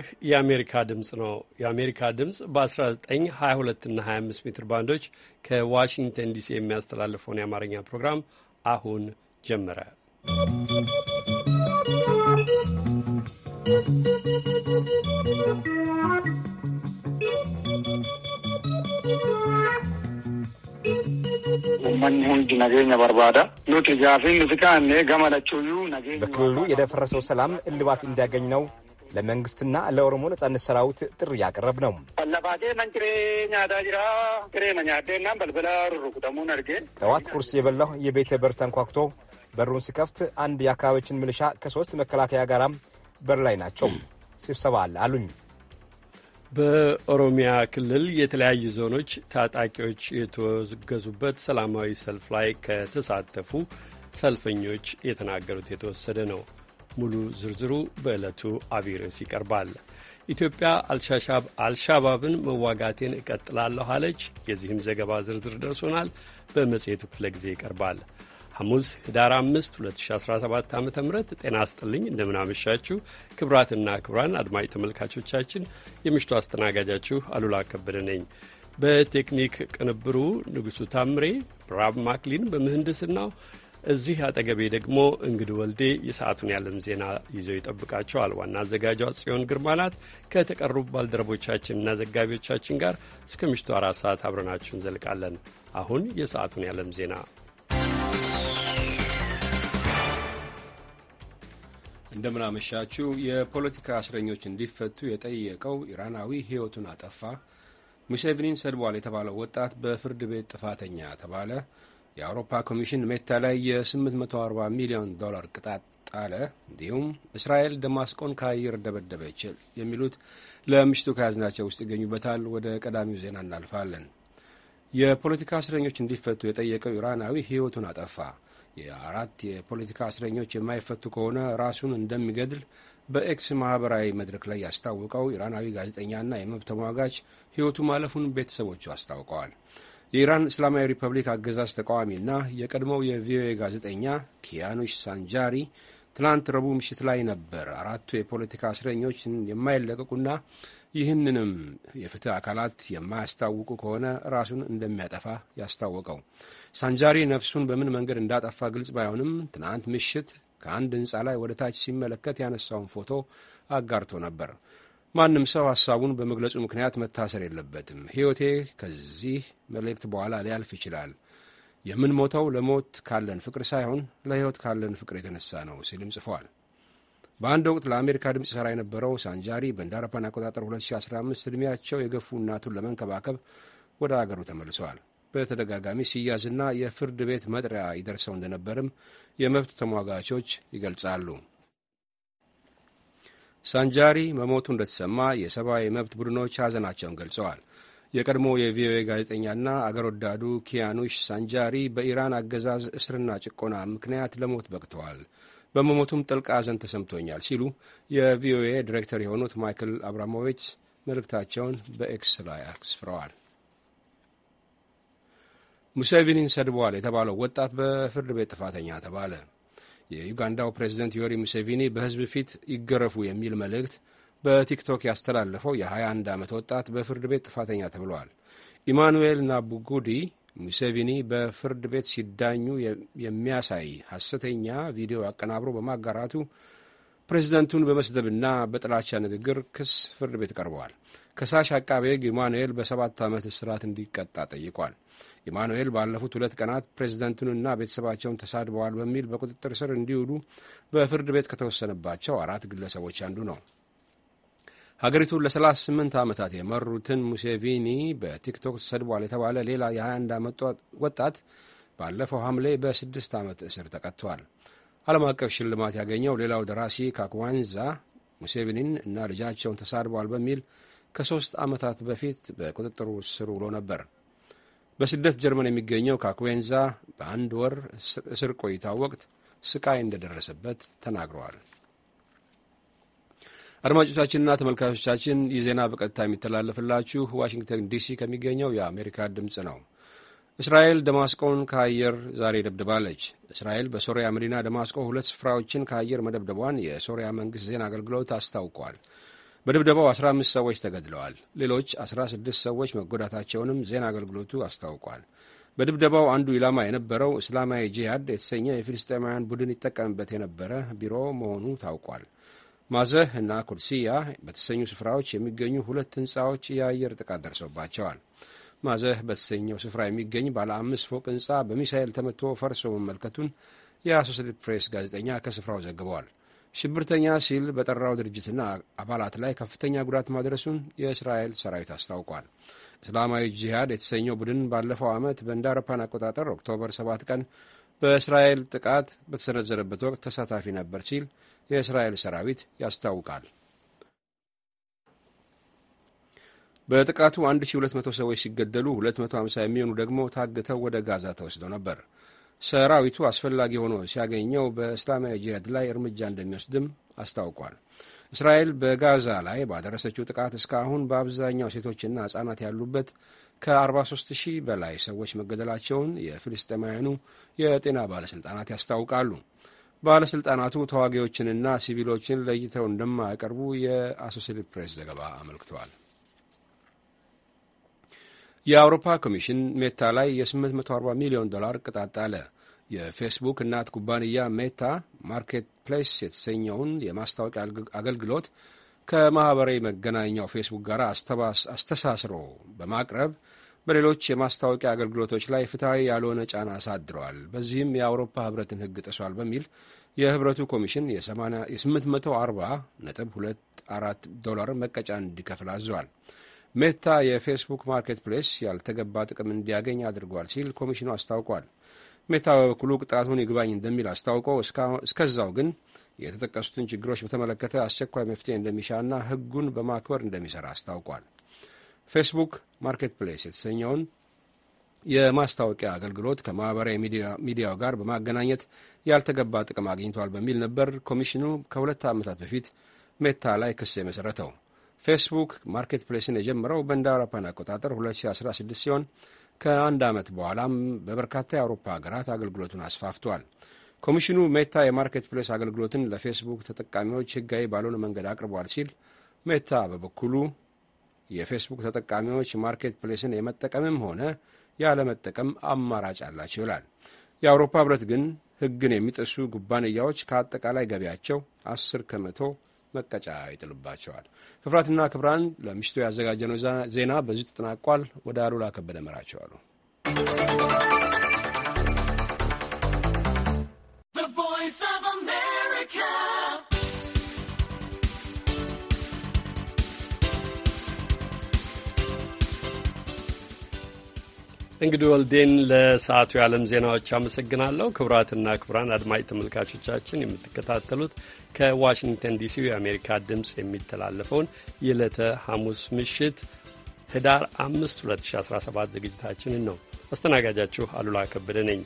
ይህ የአሜሪካ ድምፅ ነው። የአሜሪካ ድምፅ በ1922 እና 25 ሜትር ባንዶች ከዋሽንግተን ዲሲ የሚያስተላልፈውን የአማርኛ ፕሮግራም አሁን ጀመረ። በክልሉ የደፈረሰው ሰላም እልባት እንዲያገኝ ነው ለመንግስትና ለኦሮሞ ነጻነት ሰራዊት ጥሪ ያቀረብ ነው። ጠዋት ቁርስ የበላሁ የቤተ በር ተንኳኩቶ በሩን ሲከፍት አንድ የአካባቢዎችን ምልሻ ከሶስት መከላከያ ጋራም በር ላይ ናቸው። ስብሰባ አለ አሉኝ። በኦሮሚያ ክልል የተለያዩ ዞኖች ታጣቂዎች የተወገዙበት ሰላማዊ ሰልፍ ላይ ከተሳተፉ ሰልፈኞች የተናገሩት የተወሰደ ነው። ሙሉ ዝርዝሩ በዕለቱ አቢርስ ይቀርባል። ኢትዮጵያ አልሻባብን መዋጋቴን እቀጥላለሁ አለች። የዚህም ዘገባ ዝርዝር ደርሶናል። በመጽሔቱ ክፍለ ጊዜ ይቀርባል። ሐሙስ ህዳር 5 2017 ዓ ም ጤና ስጥልኝ። እንደምናመሻችሁ ክብራትና ክብራን አድማጭ ተመልካቾቻችን የምሽቱ አስተናጋጃችሁ አሉላ ከበደ ነኝ። በቴክኒክ ቅንብሩ ንጉሡ ታምሬ፣ ራብ ማክሊን በምህንድስናው እዚህ አጠገቤ ደግሞ እንግድ ወልዴ የሰዓቱን ያለም ዜና ይዘው ይጠብቃቸዋል። ዋና አዘጋጇ ጽዮን ግርማ ናት። ከተቀሩ ባልደረቦቻችንና ዘጋቢዎቻችን ጋር እስከ ምሽቱ አራት ሰዓት አብረናችሁ እንዘልቃለን። አሁን የሰዓቱን ያለም ዜና እንደምናመሻችሁ። የፖለቲካ እስረኞች እንዲፈቱ የጠየቀው ኢራናዊ ሕይወቱን አጠፋ። ሙሴቪኒን ሰድቧል የተባለው ወጣት በፍርድ ቤት ጥፋተኛ ተባለ። የአውሮፓ ኮሚሽን ሜታ ላይ የ840 ሚሊዮን ዶላር ቅጣት ጣለ። እንዲሁም እስራኤል ደማስቆን ከአየር ደበደበች የሚሉት ለምሽቱ ከያዝናቸው ውስጥ ይገኙበታል። ወደ ቀዳሚው ዜና እናልፋለን። የፖለቲካ እስረኞች እንዲፈቱ የጠየቀው ኢራናዊ ሕይወቱን አጠፋ። የአራት የፖለቲካ እስረኞች የማይፈቱ ከሆነ ራሱን እንደሚገድል በኤክስ ማህበራዊ መድረክ ላይ ያስታወቀው ኢራናዊ ጋዜጠኛና የመብት ተሟጋች ሕይወቱ ማለፉን ቤተሰቦቹ አስታውቀዋል። የኢራን እስላማዊ ሪፐብሊክ አገዛዝ ተቃዋሚና የቀድሞው የቪኦኤ ጋዜጠኛ ኪያኑሽ ሳንጃሪ ትናንት ረቡዕ ምሽት ላይ ነበር አራቱ የፖለቲካ እስረኞች የማይለቀቁና ይህንንም የፍትህ አካላት የማያስታውቁ ከሆነ ራሱን እንደሚያጠፋ ያስታወቀው። ሳንጃሪ ነፍሱን በምን መንገድ እንዳጠፋ ግልጽ ባይሆንም ትናንት ምሽት ከአንድ ህንፃ ላይ ወደ ታች ሲመለከት ያነሳውን ፎቶ አጋርቶ ነበር። ማንም ሰው ሐሳቡን በመግለጹ ምክንያት መታሰር የለበትም። ሕይወቴ ከዚህ መልእክት በኋላ ሊያልፍ ይችላል። የምንሞተው ለሞት ካለን ፍቅር ሳይሆን ለሕይወት ካለን ፍቅር የተነሳ ነው ሲልም ጽፏል። በአንድ ወቅት ለአሜሪካ ድምፅ ሠራ የነበረው ሳንጃሪ በእንደ አቆጣጠር 2015 ዕድሜያቸው የገፉ እናቱን ለመንከባከብ ወደ አገሩ ተመልሰዋል። በተደጋጋሚ ሲያዝና የፍርድ ቤት መጥሪያ ይደርሰው እንደነበርም የመብት ተሟጋቾች ይገልጻሉ። ሳንጃሪ መሞቱ እንደተሰማ የሰብአዊ መብት ቡድኖች ሐዘናቸውን ገልጸዋል። የቀድሞ የቪኦኤ ጋዜጠኛና አገር ወዳዱ ኪያኑሽ ሳንጃሪ በኢራን አገዛዝ እስርና ጭቆና ምክንያት ለሞት በቅተዋል። በመሞቱም ጥልቅ ሐዘን ተሰምቶኛል ሲሉ የቪኦኤ ዲሬክተር የሆኑት ማይክል አብራሞቪች መልእክታቸውን በኤክስ ላይ አስፍረዋል። ሙሴቪኒን ሰድበዋል የተባለው ወጣት በፍርድ ቤት ጥፋተኛ ተባለ። የዩጋንዳው ፕሬዚደንት ዮሪ ሙሴቪኒ በህዝብ ፊት ይገረፉ የሚል መልእክት በቲክቶክ ያስተላለፈው የ21 ዓመት ወጣት በፍርድ ቤት ጥፋተኛ ተብለዋል። ኢማኑኤል ናቡጉዲ ሙሴቪኒ በፍርድ ቤት ሲዳኙ የሚያሳይ ሐሰተኛ ቪዲዮ አቀናብሮ በማጋራቱ ፕሬዚደንቱን በመስደብና በጥላቻ ንግግር ክስ ፍርድ ቤት ቀርበዋል። ከሳሽ አቃቤ ሕግ ኢማኑኤል በሰባት ዓመት እስራት እንዲቀጣ ጠይቋል። ኢማኑኤል ባለፉት ሁለት ቀናት ፕሬዚደንቱንና ቤተሰባቸውን ተሳድበዋል በሚል በቁጥጥር ስር እንዲውሉ በፍርድ ቤት ከተወሰነባቸው አራት ግለሰቦች አንዱ ነው። ሀገሪቱ ለ38 ዓመታት የመሩትን ሙሴቪኒ በቲክቶክ ተሰድቧል የተባለ ሌላ የ21 ዓመት ወጣት ባለፈው ሐምሌ በስድስት ዓመት እስር ተቀጥቷል። ዓለም አቀፍ ሽልማት ያገኘው ሌላው ደራሲ ካክዋንዛ ሙሴቪኒን እና ልጃቸውን ተሳድቧል በሚል ከሦስት ዓመታት በፊት በቁጥጥሩ ስር ውሎ ነበር። በስደት ጀርመን የሚገኘው ካኩዌንዛ በአንድ ወር እስር ቆይታ ወቅት ስቃይ እንደደረሰበት ተናግረዋል። አድማጮቻችንና ተመልካቾቻችን ይህ ዜና በቀጥታ የሚተላለፍላችሁ ዋሽንግተን ዲሲ ከሚገኘው የአሜሪካ ድምፅ ነው። እስራኤል ደማስቆን ከአየር ዛሬ ደብድባለች። እስራኤል በሶሪያ መዲና ደማስቆ ሁለት ስፍራዎችን ከአየር መደብደቧን የሶሪያ መንግሥት ዜና አገልግሎት አስታውቋል። በድብደባው 15 ሰዎች ተገድለዋል። ሌሎች 16 ሰዎች መጎዳታቸውንም ዜና አገልግሎቱ አስታውቋል። በድብደባው አንዱ ኢላማ የነበረው እስላማዊ ጂሃድ የተሰኘ የፊልስጤማውያን ቡድን ይጠቀምበት የነበረ ቢሮ መሆኑ ታውቋል። ማዘህ እና ኩድሲያ በተሰኙ ስፍራዎች የሚገኙ ሁለት ሕንፃዎች የአየር ጥቃት ደርሶባቸዋል። ማዘህ በተሰኘው ስፍራ የሚገኝ ባለ አምስት ፎቅ ሕንፃ በሚሳኤል ተመቶ ፈርሶ መመልከቱን የአሶሴትድ ፕሬስ ጋዜጠኛ ከስፍራው ዘግበዋል። ሽብርተኛ ሲል በጠራው ድርጅትና አባላት ላይ ከፍተኛ ጉዳት ማድረሱን የእስራኤል ሰራዊት አስታውቋል። እስላማዊ ጂሃድ የተሰኘው ቡድን ባለፈው ዓመት በእንደ አውሮፓን አቆጣጠር ኦክቶበር 7 ቀን በእስራኤል ጥቃት በተሰነዘረበት ወቅት ተሳታፊ ነበር ሲል የእስራኤል ሰራዊት ያስታውቃል። በጥቃቱ 1200 ሰዎች ሲገደሉ 250 የሚሆኑ ደግሞ ታግተው ወደ ጋዛ ተወስደው ነበር። ሰራዊቱ አስፈላጊ ሆኖ ሲያገኘው በእስላማዊ ጂሃድ ላይ እርምጃ እንደሚወስድም አስታውቋል። እስራኤል በጋዛ ላይ ባደረሰችው ጥቃት እስካሁን በአብዛኛው ሴቶችና ህጻናት ያሉበት ከ43 ሺህ በላይ ሰዎች መገደላቸውን የፍልስጤማውያኑ የጤና ባለሥልጣናት ያስታውቃሉ። ባለሥልጣናቱ ተዋጊዎችንና ሲቪሎችን ለይተው እንደማያቀርቡ የአሶሴትድ ፕሬስ ዘገባ አመልክተዋል። የአውሮፓ ኮሚሽን ሜታ ላይ የ840 ሚሊዮን ዶላር ቅጣት ጣለ። የፌስቡክ እናት ኩባንያ ሜታ ማርኬት ፕሌስ የተሰኘውን የማስታወቂያ አገልግሎት ከማኅበራዊ መገናኛው ፌስቡክ ጋር አስተሳስሮ በማቅረብ በሌሎች የማስታወቂያ አገልግሎቶች ላይ ፍትሐዊ ያልሆነ ጫና አሳድረዋል፣ በዚህም የአውሮፓ ህብረትን ሕግ ጥሷል በሚል የህብረቱ ኮሚሽን የ 24 ዶላር መቀጫ እንዲከፍል አዟል። ሜታ የፌስቡክ ማርኬት ፕሌስ ያልተገባ ጥቅም እንዲያገኝ አድርጓል ሲል ኮሚሽኑ አስታውቋል። ሜታ በበኩሉ ቅጣቱን ይግባኝ እንደሚል አስታውቆ እስከዛው ግን የተጠቀሱትን ችግሮች በተመለከተ አስቸኳይ መፍትሄ እንደሚሻና ሕጉን በማክበር እንደሚሰራ አስታውቋል። ፌስቡክ ማርኬት ፕሌስ የተሰኘውን የማስታወቂያ አገልግሎት ከማኅበራዊ ሚዲያው ጋር በማገናኘት ያልተገባ ጥቅም አግኝቷል በሚል ነበር ኮሚሽኑ ከሁለት ዓመታት በፊት ሜታ ላይ ክስ የመሠረተው። ፌስቡክ ማርኬት ፕሌስን የጀመረው በእንደ አውሮፓን አቆጣጠር 2016 ሲሆን ከአንድ ዓመት በኋላም በበርካታ የአውሮፓ ሀገራት አገልግሎቱን አስፋፍቷል። ኮሚሽኑ ሜታ የማርኬት ፕሌስ አገልግሎትን ለፌስቡክ ተጠቃሚዎች ሕጋዊ ባልሆነ መንገድ አቅርቧል ሲል፣ ሜታ በበኩሉ የፌስቡክ ተጠቃሚዎች ማርኬት ፕሌስን የመጠቀምም ሆነ ያለመጠቀም አማራጭ አላቸው ይላል። የአውሮፓ ህብረት ግን ህግን የሚጥሱ ኩባንያዎች ከአጠቃላይ ገቢያቸው 10 ከመቶ መቀጫ ይጥልባቸዋል። ክፍራትና ክብራን ለምሽቱ ያዘጋጀነው ዜና በዚሁ ተጠናቋል። ወደ አሉላ ከበደ መራቸዋሉ። እንግዲህ ወልዴን ለሰዓቱ የዓለም ዜናዎች አመሰግናለሁ። ክቡራትና ክቡራን አድማጭ ተመልካቾቻችን የምትከታተሉት ከዋሽንግተን ዲሲ የአሜሪካ ድምፅ የሚተላለፈውን የዕለተ ሐሙስ ምሽት ህዳር 5 2017 ዝግጅታችንን ነው። አስተናጋጃችሁ አሉላ ከበደ ነኝ።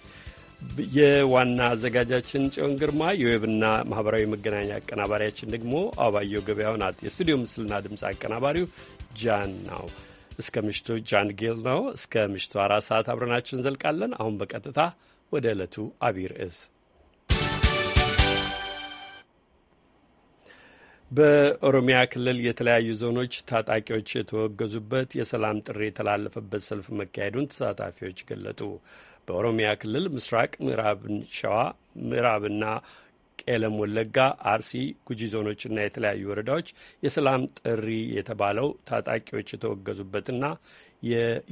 የዋና አዘጋጃችን ጽዮን ግርማ፣ የዌብና ማህበራዊ መገናኛ አቀናባሪያችን ደግሞ አባየው ገበያው ናት። የስቱዲዮ ምስልና ድምፅ አቀናባሪው ጃን ነው። እስከ ምሽቱ ጃን ነው። እስከ ምሽቱ አራት ሰዓት አብረናችሁ እንዘልቃለን። አሁን በቀጥታ ወደ ዕለቱ አቢይ ርዕስ በኦሮሚያ ክልል የተለያዩ ዞኖች ታጣቂዎች የተወገዙበት የሰላም ጥሪ የተላለፈበት ሰልፍ መካሄዱን ተሳታፊዎች ገለጡ። በኦሮሚያ ክልል ምስራቅ ምዕራብን ሸዋ ምዕራብና ቄለም ወለጋ፣ አርሲ፣ ጉጂ ዞኖችና የተለያዩ ወረዳዎች የሰላም ጥሪ የተባለው ታጣቂዎች የተወገዙበትና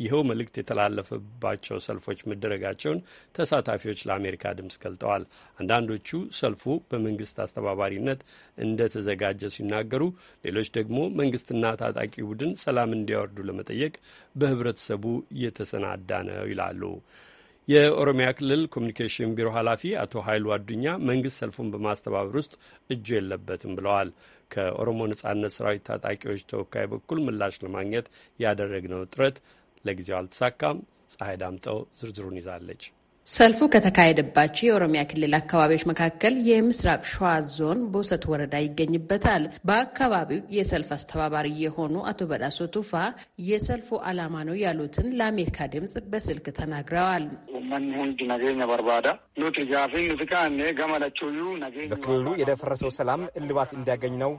ይኸው መልእክት የተላለፈባቸው ሰልፎች መደረጋቸውን ተሳታፊዎች ለአሜሪካ ድምፅ ገልጠዋል። አንዳንዶቹ ሰልፉ በመንግስት አስተባባሪነት እንደተዘጋጀ ሲናገሩ፣ ሌሎች ደግሞ መንግስትና ታጣቂ ቡድን ሰላም እንዲያወርዱ ለመጠየቅ በህብረተሰቡ የተሰናዳ ነው ይላሉ። የኦሮሚያ ክልል ኮሚኒኬሽን ቢሮ ኃላፊ አቶ ኃይሉ አዱኛ መንግስት ሰልፉን በማስተባበር ውስጥ እጁ የለበትም ብለዋል። ከኦሮሞ ነጻነት ሰራዊት ታጣቂዎች ተወካይ በኩል ምላሽ ለማግኘት ያደረግነው ጥረት ለጊዜው አልተሳካም። ፀሐይ ዳምጠው ዝርዝሩን ይዛለች። ሰልፉ ከተካሄደባቸው የኦሮሚያ ክልል አካባቢዎች መካከል የምስራቅ ሸዋ ዞን ቦሰት ወረዳ ይገኝበታል። በአካባቢው የሰልፍ አስተባባሪ የሆኑ አቶ በዳሶ ቱፋ የሰልፉ ዓላማ ነው ያሉትን ለአሜሪካ ድምጽ በስልክ ተናግረዋል። በክልሉ የደፈረሰው ሰላም እልባት እንዲያገኝ ነው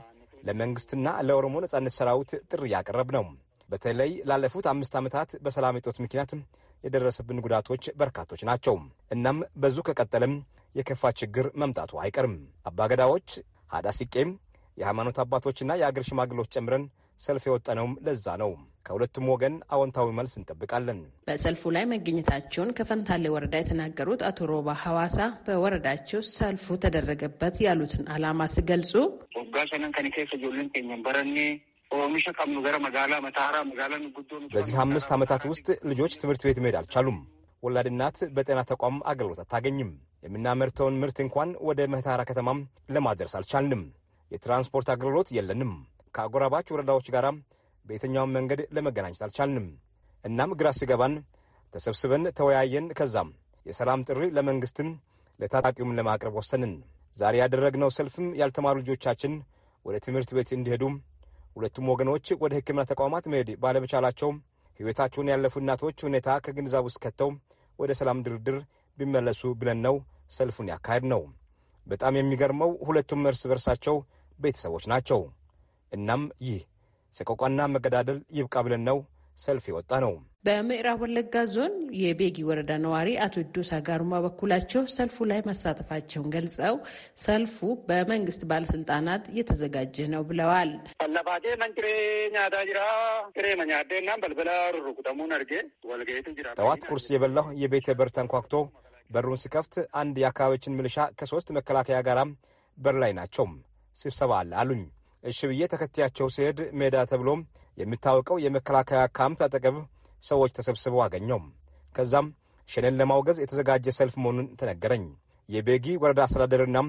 ለመንግስትና ለኦሮሞ ነጻነት ሰራዊት ጥሪ ያቀረብ ነው። በተለይ ላለፉት አምስት ዓመታት በሰላም እጦት ምክንያት የደረሰብን ጉዳቶች በርካቶች ናቸው። እናም በዙ ከቀጠለም የከፋ ችግር መምጣቱ አይቀርም። አባገዳዎች፣ ሀዳሲቄም፣ የሃይማኖት አባቶችና የአገር ሽማግሎች ጨምረን ሰልፍ የወጠነውም ለዛ ነው። ከሁለቱም ወገን አዎንታዊ መልስ እንጠብቃለን። በሰልፉ ላይ መገኘታቸውን ከፈንታሌ ወረዳ የተናገሩት አቶ ሮባ ሐዋሳ በወረዳቸው ሰልፉ ተደረገበት ያሉትን ዓላማ ሲገልጹ በዚህ አምስት ዓመታት ውስጥ ልጆች ትምህርት ቤት መሄድ አልቻሉም። ወላድ እናት በጤና ተቋም አገልግሎት አታገኝም። የምናመርተውን ምርት እንኳን ወደ መታራ ከተማም ለማድረስ አልቻልንም። የትራንስፖርት አገልግሎት የለንም። ከአጎራባች ወረዳዎች ጋር በየትኛውም መንገድ ለመገናኘት አልቻልንም። እናም ግራ ሲገባን ተሰብስበን ተወያየን። ከዛም የሰላም ጥሪ ለመንግስትም ለታጣቂውም ለማቅረብ ወሰንን። ዛሬ ያደረግነው ሰልፍም ያልተማሩ ልጆቻችን ወደ ትምህርት ቤት እንዲሄዱ ሁለቱም ወገኖች ወደ ሕክምና ተቋማት መሄድ ባለመቻላቸውም ሕይወታቸውን ያለፉ እናቶች ሁኔታ ከግንዛብ ውስጥ ከተው ወደ ሰላም ድርድር ቢመለሱ ብለን ነው ሰልፉን ያካሄድ ነው። በጣም የሚገርመው ሁለቱም እርስ በርሳቸው ቤተሰቦች ናቸው። እናም ይህ ሰቆቋና መገዳደል ይብቃ ብለን ነው ሰልፍ የወጣ ነው። በምዕራብ ወለጋ ዞን የቤጊ ወረዳ ነዋሪ አቶ ዱሳ ጋሩማ በኩላቸው ሰልፉ ላይ መሳተፋቸውን ገልጸው ሰልፉ በመንግስት ባለስልጣናት እየተዘጋጀ ነው ብለዋል። ጠዋት ቁርስ የበላሁ የቤተ በር ተንኳክቶ በሩን ስከፍት አንድ የአካባቢዎችን ምልሻ ከሶስት መከላከያ ጋራም በር ላይ ናቸው። ስብሰባ አለ አሉኝ። እሺ ብዬ ተከትያቸው ሲሄድ ሜዳ ተብሎም የሚታወቀው የመከላከያ ካምፕ አጠገብ ሰዎች ተሰብስበው አገኘው። ከዛም ሸኔን ለማውገዝ የተዘጋጀ ሰልፍ መሆኑን ተነገረኝ። የቤጊ ወረዳ አስተዳደርና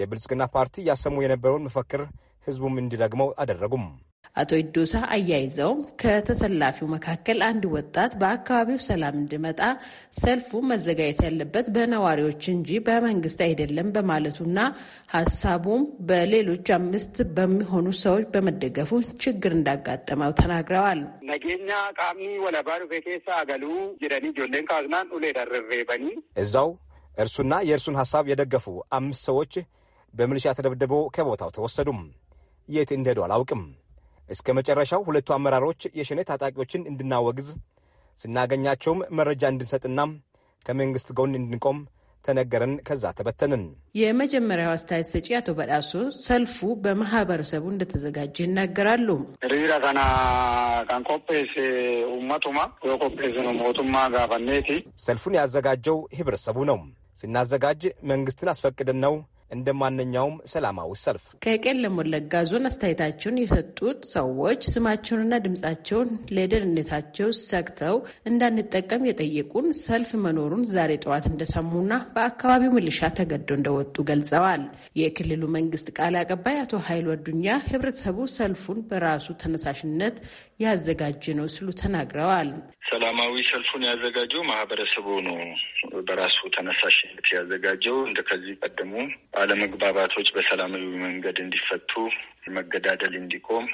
የብልጽግና ፓርቲ ያሰሙ የነበረውን መፈክር ህዝቡም እንዲደግመው አደረጉም። አቶ ኢዶሳ አያይዘው ከተሰላፊው መካከል አንድ ወጣት በአካባቢው ሰላም እንዲመጣ ሰልፉ መዘጋጀት ያለበት በነዋሪዎች እንጂ በመንግስት አይደለም በማለቱና ሀሳቡም በሌሎች አምስት በሚሆኑ ሰዎች በመደገፉ ችግር እንዳጋጠመው ተናግረዋል። ነጌኛ ቃሚ ወለባሩ ቤቴሳ አገሉ ጅረኒ ጆሌን ካዝናን ኡሌ በኒ እዛው እርሱና የእርሱን ሀሳብ የደገፉ አምስት ሰዎች በምልሻ ተደብደበው ከቦታው ተወሰዱም። የት እንደሄዱ አላውቅም። እስከ መጨረሻው ሁለቱ አመራሮች የሸኔ ታጣቂዎችን እንድናወግዝ ስናገኛቸውም መረጃ እንድንሰጥና ከመንግስት ጎን እንድንቆም ተነገረን። ከዛ ተበተንን። የመጀመሪያው አስተያየት ሰጪ አቶ በዳሶ ሰልፉ በማህበረሰቡ እንደተዘጋጀ ይናገራሉ። ሪራ ከና ቀንቆጴስ ኡመቱማ ቆጴስ ሞቱማ ጋፈኔቲ ሰልፉን ያዘጋጀው ህብረተሰቡ ነው። ስናዘጋጅ መንግስትን አስፈቅደን ነው እንደ ማንኛውም ሰላማዊ ሰልፍ። ከቄለም ወለጋ ዞን አስተያየታቸውን የሰጡት ሰዎች ስማቸውንና ድምጻቸውን ለደህንነታቸው ሰግተው እንዳንጠቀም የጠየቁን ሰልፍ መኖሩን ዛሬ ጠዋት እንደሰሙና በአካባቢው ምልሻ ተገዶ እንደወጡ ገልጸዋል። የክልሉ መንግስት ቃል አቀባይ አቶ ኃይሉ አዱኛ ህብረተሰቡ ሰልፉን በራሱ ተነሳሽነት ያዘጋጀ ነው ሲሉ ተናግረዋል። ሰላማዊ ሰልፉን ያዘጋጀው ማህበረሰቡ ነው። በራሱ ተነሳሽነት ያዘጋጀው እንደ ከዚህ ቀደሙ አለመግባባቶች በሰላማዊ መንገድ እንዲፈቱ፣ መገዳደል እንዲቆም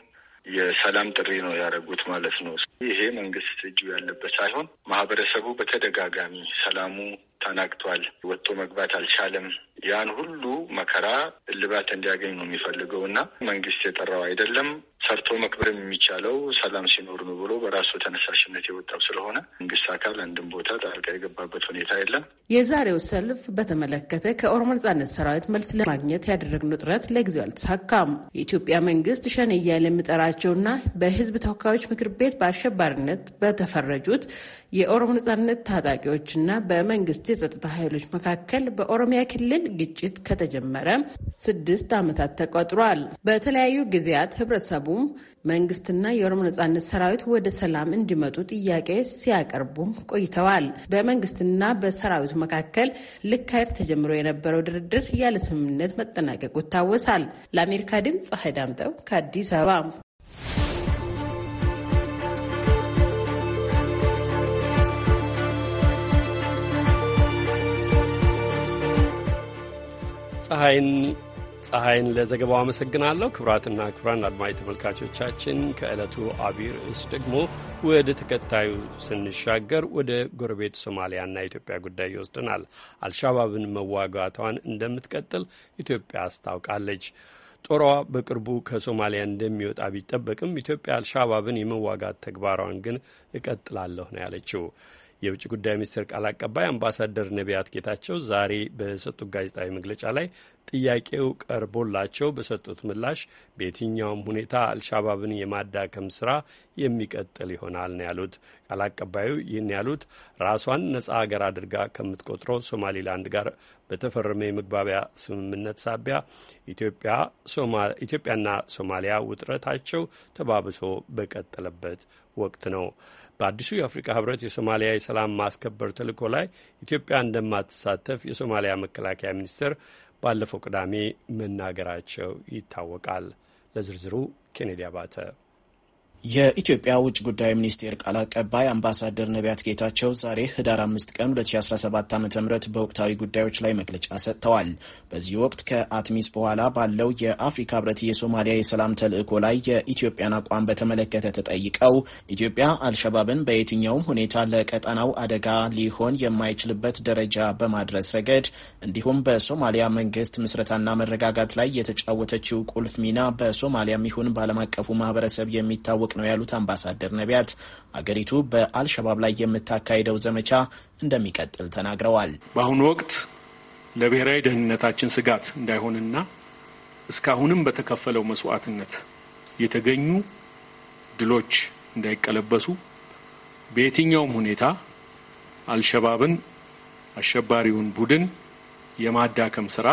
የሰላም ጥሪ ነው ያደረጉት ማለት ነው። ይሄ መንግስት እጁ ያለበት ሳይሆን ማህበረሰቡ በተደጋጋሚ ሰላሙ ተናግቷል፣ ወጥቶ መግባት አልቻለም ያን ሁሉ መከራ እልባት እንዲያገኝ ነው የሚፈልገው እና መንግስት የጠራው አይደለም። ሰርቶ መክበርም የሚቻለው ሰላም ሲኖር ነው ብሎ በራሱ ተነሳሽነት የወጣው ስለሆነ መንግስት አካል አንድም ቦታ ጣልቃ የገባበት ሁኔታ የለም። የዛሬው ሰልፍ በተመለከተ ከኦሮሞ ነጻነት ሰራዊት መልስ ለማግኘት ያደረግነው ጥረት ለጊዜው አልተሳካም። የኢትዮጵያ መንግስት ሸኔ እያለ የሚጠራቸውና በህዝብ ተወካዮች ምክር ቤት በአሸባሪነት በተፈረጁት የኦሮሞ ነጻነት ታጣቂዎችና በመንግስት የጸጥታ ኃይሎች መካከል በኦሮሚያ ክልል ግጭት ከተጀመረ ስድስት ዓመታት ተቆጥሯል። በተለያዩ ጊዜያት ህብረተሰቡም መንግስትና የኦሮሞ ነጻነት ሰራዊት ወደ ሰላም እንዲመጡ ጥያቄ ሲያቀርቡም ቆይተዋል። በመንግስትና በሰራዊቱ መካከል ልካሄድ ተጀምሮ የነበረው ድርድር ያለ ስምምነት መጠናቀቁ ይታወሳል። ለአሜሪካ ድምፅ ፀሐይ ዳምጠው ከአዲስ አበባ ፀሐይን ፀሐይን ለዘገባው አመሰግናለሁ። ክብራትና ክብራን አድማጭ ተመልካቾቻችን ከዕለቱ አብይ ርዕስ ደግሞ ወደ ተከታዩ ስንሻገር ወደ ጎረቤት ሶማሊያና ኢትዮጵያ ጉዳይ ይወስደናል። አልሻባብን መዋጋቷን እንደምትቀጥል ኢትዮጵያ አስታውቃለች። ጦሯ በቅርቡ ከሶማሊያ እንደሚወጣ ቢጠበቅም ኢትዮጵያ አልሻባብን የመዋጋት ተግባሯን ግን እቀጥላለሁ ነው ያለችው። የውጭ ጉዳይ ሚኒስቴር ቃል አቀባይ አምባሳደር ነቢያት ጌታቸው ዛሬ በሰጡት ጋዜጣዊ መግለጫ ላይ ጥያቄው ቀርቦላቸው በሰጡት ምላሽ በየትኛውም ሁኔታ አልሻባብን የማዳከም ስራ የሚቀጥል ይሆናል ነው ያሉት። ቃል አቀባዩ ይህን ያሉት ራሷን ነጻ ሀገር አድርጋ ከምትቆጥረው ሶማሊላንድ ጋር በተፈረመ የመግባቢያ ስምምነት ሳቢያ ኢትዮጵያና ሶማሊያ ውጥረታቸው ተባብሶ በቀጠለበት ወቅት ነው። በአዲሱ የአፍሪካ ህብረት የሶማሊያ የሰላም ማስከበር ተልዕኮ ላይ ኢትዮጵያ እንደማትሳተፍ የሶማሊያ መከላከያ ሚኒስትር ባለፈው ቅዳሜ መናገራቸው ይታወቃል። ለዝርዝሩ ኬኔዲ አባተ የኢትዮጵያ ውጭ ጉዳይ ሚኒስቴር ቃል አቀባይ አምባሳደር ነቢያት ጌታቸው ዛሬ ህዳር አምስት ቀን 2017 ዓ ም በወቅታዊ ጉዳዮች ላይ መግለጫ ሰጥተዋል። በዚህ ወቅት ከአትሚስ በኋላ ባለው የአፍሪካ ህብረት የሶማሊያ የሰላም ተልዕኮ ላይ የኢትዮጵያን አቋም በተመለከተ ተጠይቀው ኢትዮጵያ አልሸባብን በየትኛውም ሁኔታ ለቀጠናው አደጋ ሊሆን የማይችልበት ደረጃ በማድረስ ረገድ እንዲሁም በሶማሊያ መንግስት ምስረታና መረጋጋት ላይ የተጫወተችው ቁልፍ ሚና በሶማሊያም ይሁን በዓለም አቀፉ ማህበረሰብ የሚታወቅ ነው ያሉት አምባሳደር ነቢያት አገሪቱ በአልሸባብ ላይ የምታካሂደው ዘመቻ እንደሚቀጥል ተናግረዋል። በአሁኑ ወቅት ለብሔራዊ ደህንነታችን ስጋት እንዳይሆንና እስካሁንም በተከፈለው መስዋዕትነት የተገኙ ድሎች እንዳይቀለበሱ በየትኛውም ሁኔታ አልሸባብን አሸባሪውን ቡድን የማዳከም ስራ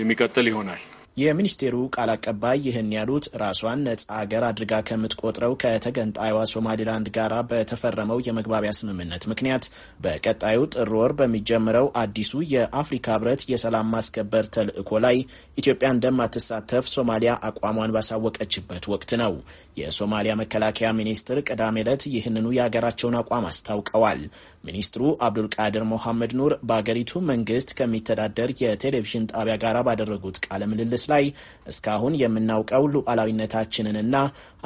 የሚቀጥል ይሆናል። የሚኒስቴሩ ቃል አቀባይ ይህን ያሉት ራሷን ነጻ አገር አድርጋ ከምትቆጥረው ከተገንጣይዋ ሶማሌላንድ ጋር በተፈረመው የመግባቢያ ስምምነት ምክንያት በቀጣዩ ጥር ወር በሚጀምረው አዲሱ የአፍሪካ ህብረት የሰላም ማስከበር ተልዕኮ ላይ ኢትዮጵያ እንደማትሳተፍ ሶማሊያ አቋሟን ባሳወቀችበት ወቅት ነው። የሶማሊያ መከላከያ ሚኒስትር ቅዳሜ ዕለት ይህንኑ የሀገራቸውን አቋም አስታውቀዋል። ሚኒስትሩ አብዱልቃድር ሞሐመድ ኑር በአገሪቱ መንግስት ከሚተዳደር የቴሌቪዥን ጣቢያ ጋር ባደረጉት ቃለ ምልልስ ላይ እስካሁን የምናውቀው ሉዓላዊነታችንንና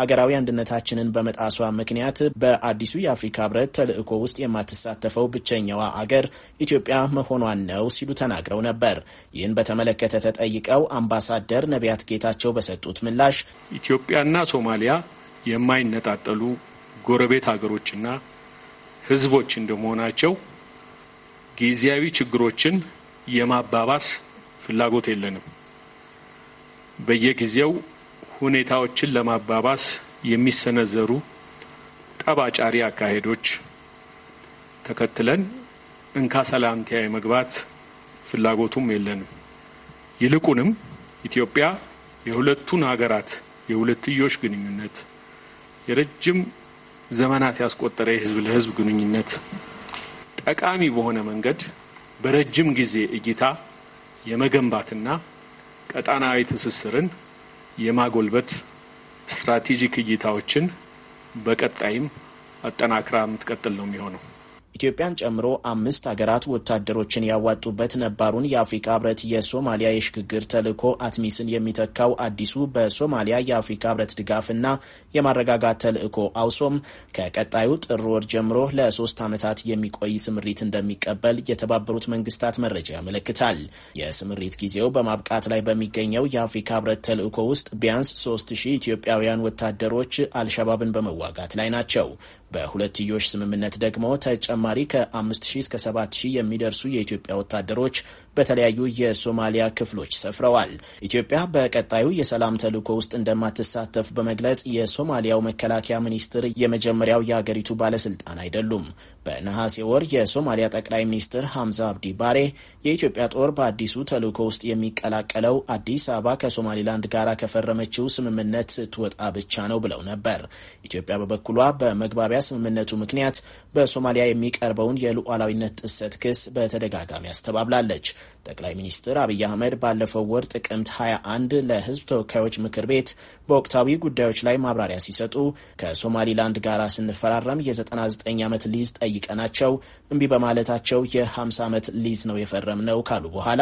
አገራዊ አንድነታችንን በመጣሷ ምክንያት በአዲሱ የአፍሪካ ህብረት ተልዕኮ ውስጥ የማትሳተፈው ብቸኛዋ አገር ኢትዮጵያ መሆኗን ነው ሲሉ ተናግረው ነበር። ይህን በተመለከተ ተጠይቀው አምባሳደር ነቢያት ጌታቸው በሰጡት ምላሽ ኢትዮጵያና ሶማሊያ የማይነጣጠሉ ጎረቤት ሀገሮችና ህዝቦች እንደመሆናቸው ጊዜያዊ ችግሮችን የማባባስ ፍላጎት የለንም። በየጊዜው ሁኔታዎችን ለማባባስ የሚሰነዘሩ ጠባጫሪ አካሄዶች ተከትለን እንካ ሰላምቲያ የመግባት ፍላጎቱም የለንም። ይልቁንም ኢትዮጵያ የሁለቱን ሀገራት የሁለትዮሽ ግንኙነት የረጅም ዘመናት ያስቆጠረ የህዝብ ለህዝብ ግንኙነት ጠቃሚ በሆነ መንገድ በረጅም ጊዜ እይታ የመገንባትና ቀጣናዊ ትስስርን የማጎልበት ስትራቴጂክ እይታዎችን በቀጣይም አጠናክራ የምትቀጥል ነው የሚሆነው። ኢትዮጵያን ጨምሮ አምስት ሀገራት ወታደሮችን ያዋጡበት ነባሩን የአፍሪካ ህብረት የሶማሊያ የሽግግር ተልዕኮ አትሚስን የሚተካው አዲሱ በሶማሊያ የአፍሪካ ህብረት ድጋፍና የማረጋጋት ተልዕኮ አውሶም ከቀጣዩ ጥር ወር ጀምሮ ለሶስት ዓመታት የሚቆይ ስምሪት እንደሚቀበል የተባበሩት መንግስታት መረጃ ያመለክታል። የስምሪት ጊዜው በማብቃት ላይ በሚገኘው የአፍሪካ ህብረት ተልዕኮ ውስጥ ቢያንስ ሶስት ሺህ ኢትዮጵያውያን ወታደሮች አልሸባብን በመዋጋት ላይ ናቸው። በሁለትዮሽ ስምምነት ደግሞ ተጨማሪ ከ5000 እስከ 7000 የሚደርሱ የኢትዮጵያ ወታደሮች በተለያዩ የሶማሊያ ክፍሎች ሰፍረዋል። ኢትዮጵያ በቀጣዩ የሰላም ተልዕኮ ውስጥ እንደማትሳተፍ በመግለጽ የሶማሊያው መከላከያ ሚኒስትር የመጀመሪያው የአገሪቱ ባለስልጣን አይደሉም። በነሐሴ ወር የሶማሊያ ጠቅላይ ሚኒስትር ሐምዛ አብዲ ባሬ የኢትዮጵያ ጦር በአዲሱ ተልእኮ ውስጥ የሚቀላቀለው አዲስ አበባ ከሶማሊላንድ ጋር ከፈረመችው ስምምነት ስትወጣ ብቻ ነው ብለው ነበር። ኢትዮጵያ በበኩሏ በመግባቢያ ስምምነቱ ምክንያት በሶማሊያ የሚቀርበውን የሉዓላዊነት ጥሰት ክስ በተደጋጋሚ አስተባብላለች። ጠቅላይ ሚኒስትር አብይ አህመድ ባለፈው ወር ጥቅምት 21 ለህዝብ ተወካዮች ምክር ቤት በወቅታዊ ጉዳዮች ላይ ማብራሪያ ሲሰጡ ከሶማሊላንድ ጋር ስንፈራረም የ99 ዓመት ሊዝ ጠይቀናቸው እምቢ በማለታቸው የ50 ዓመት ሊዝ ነው የፈረምነው ካሉ በኋላ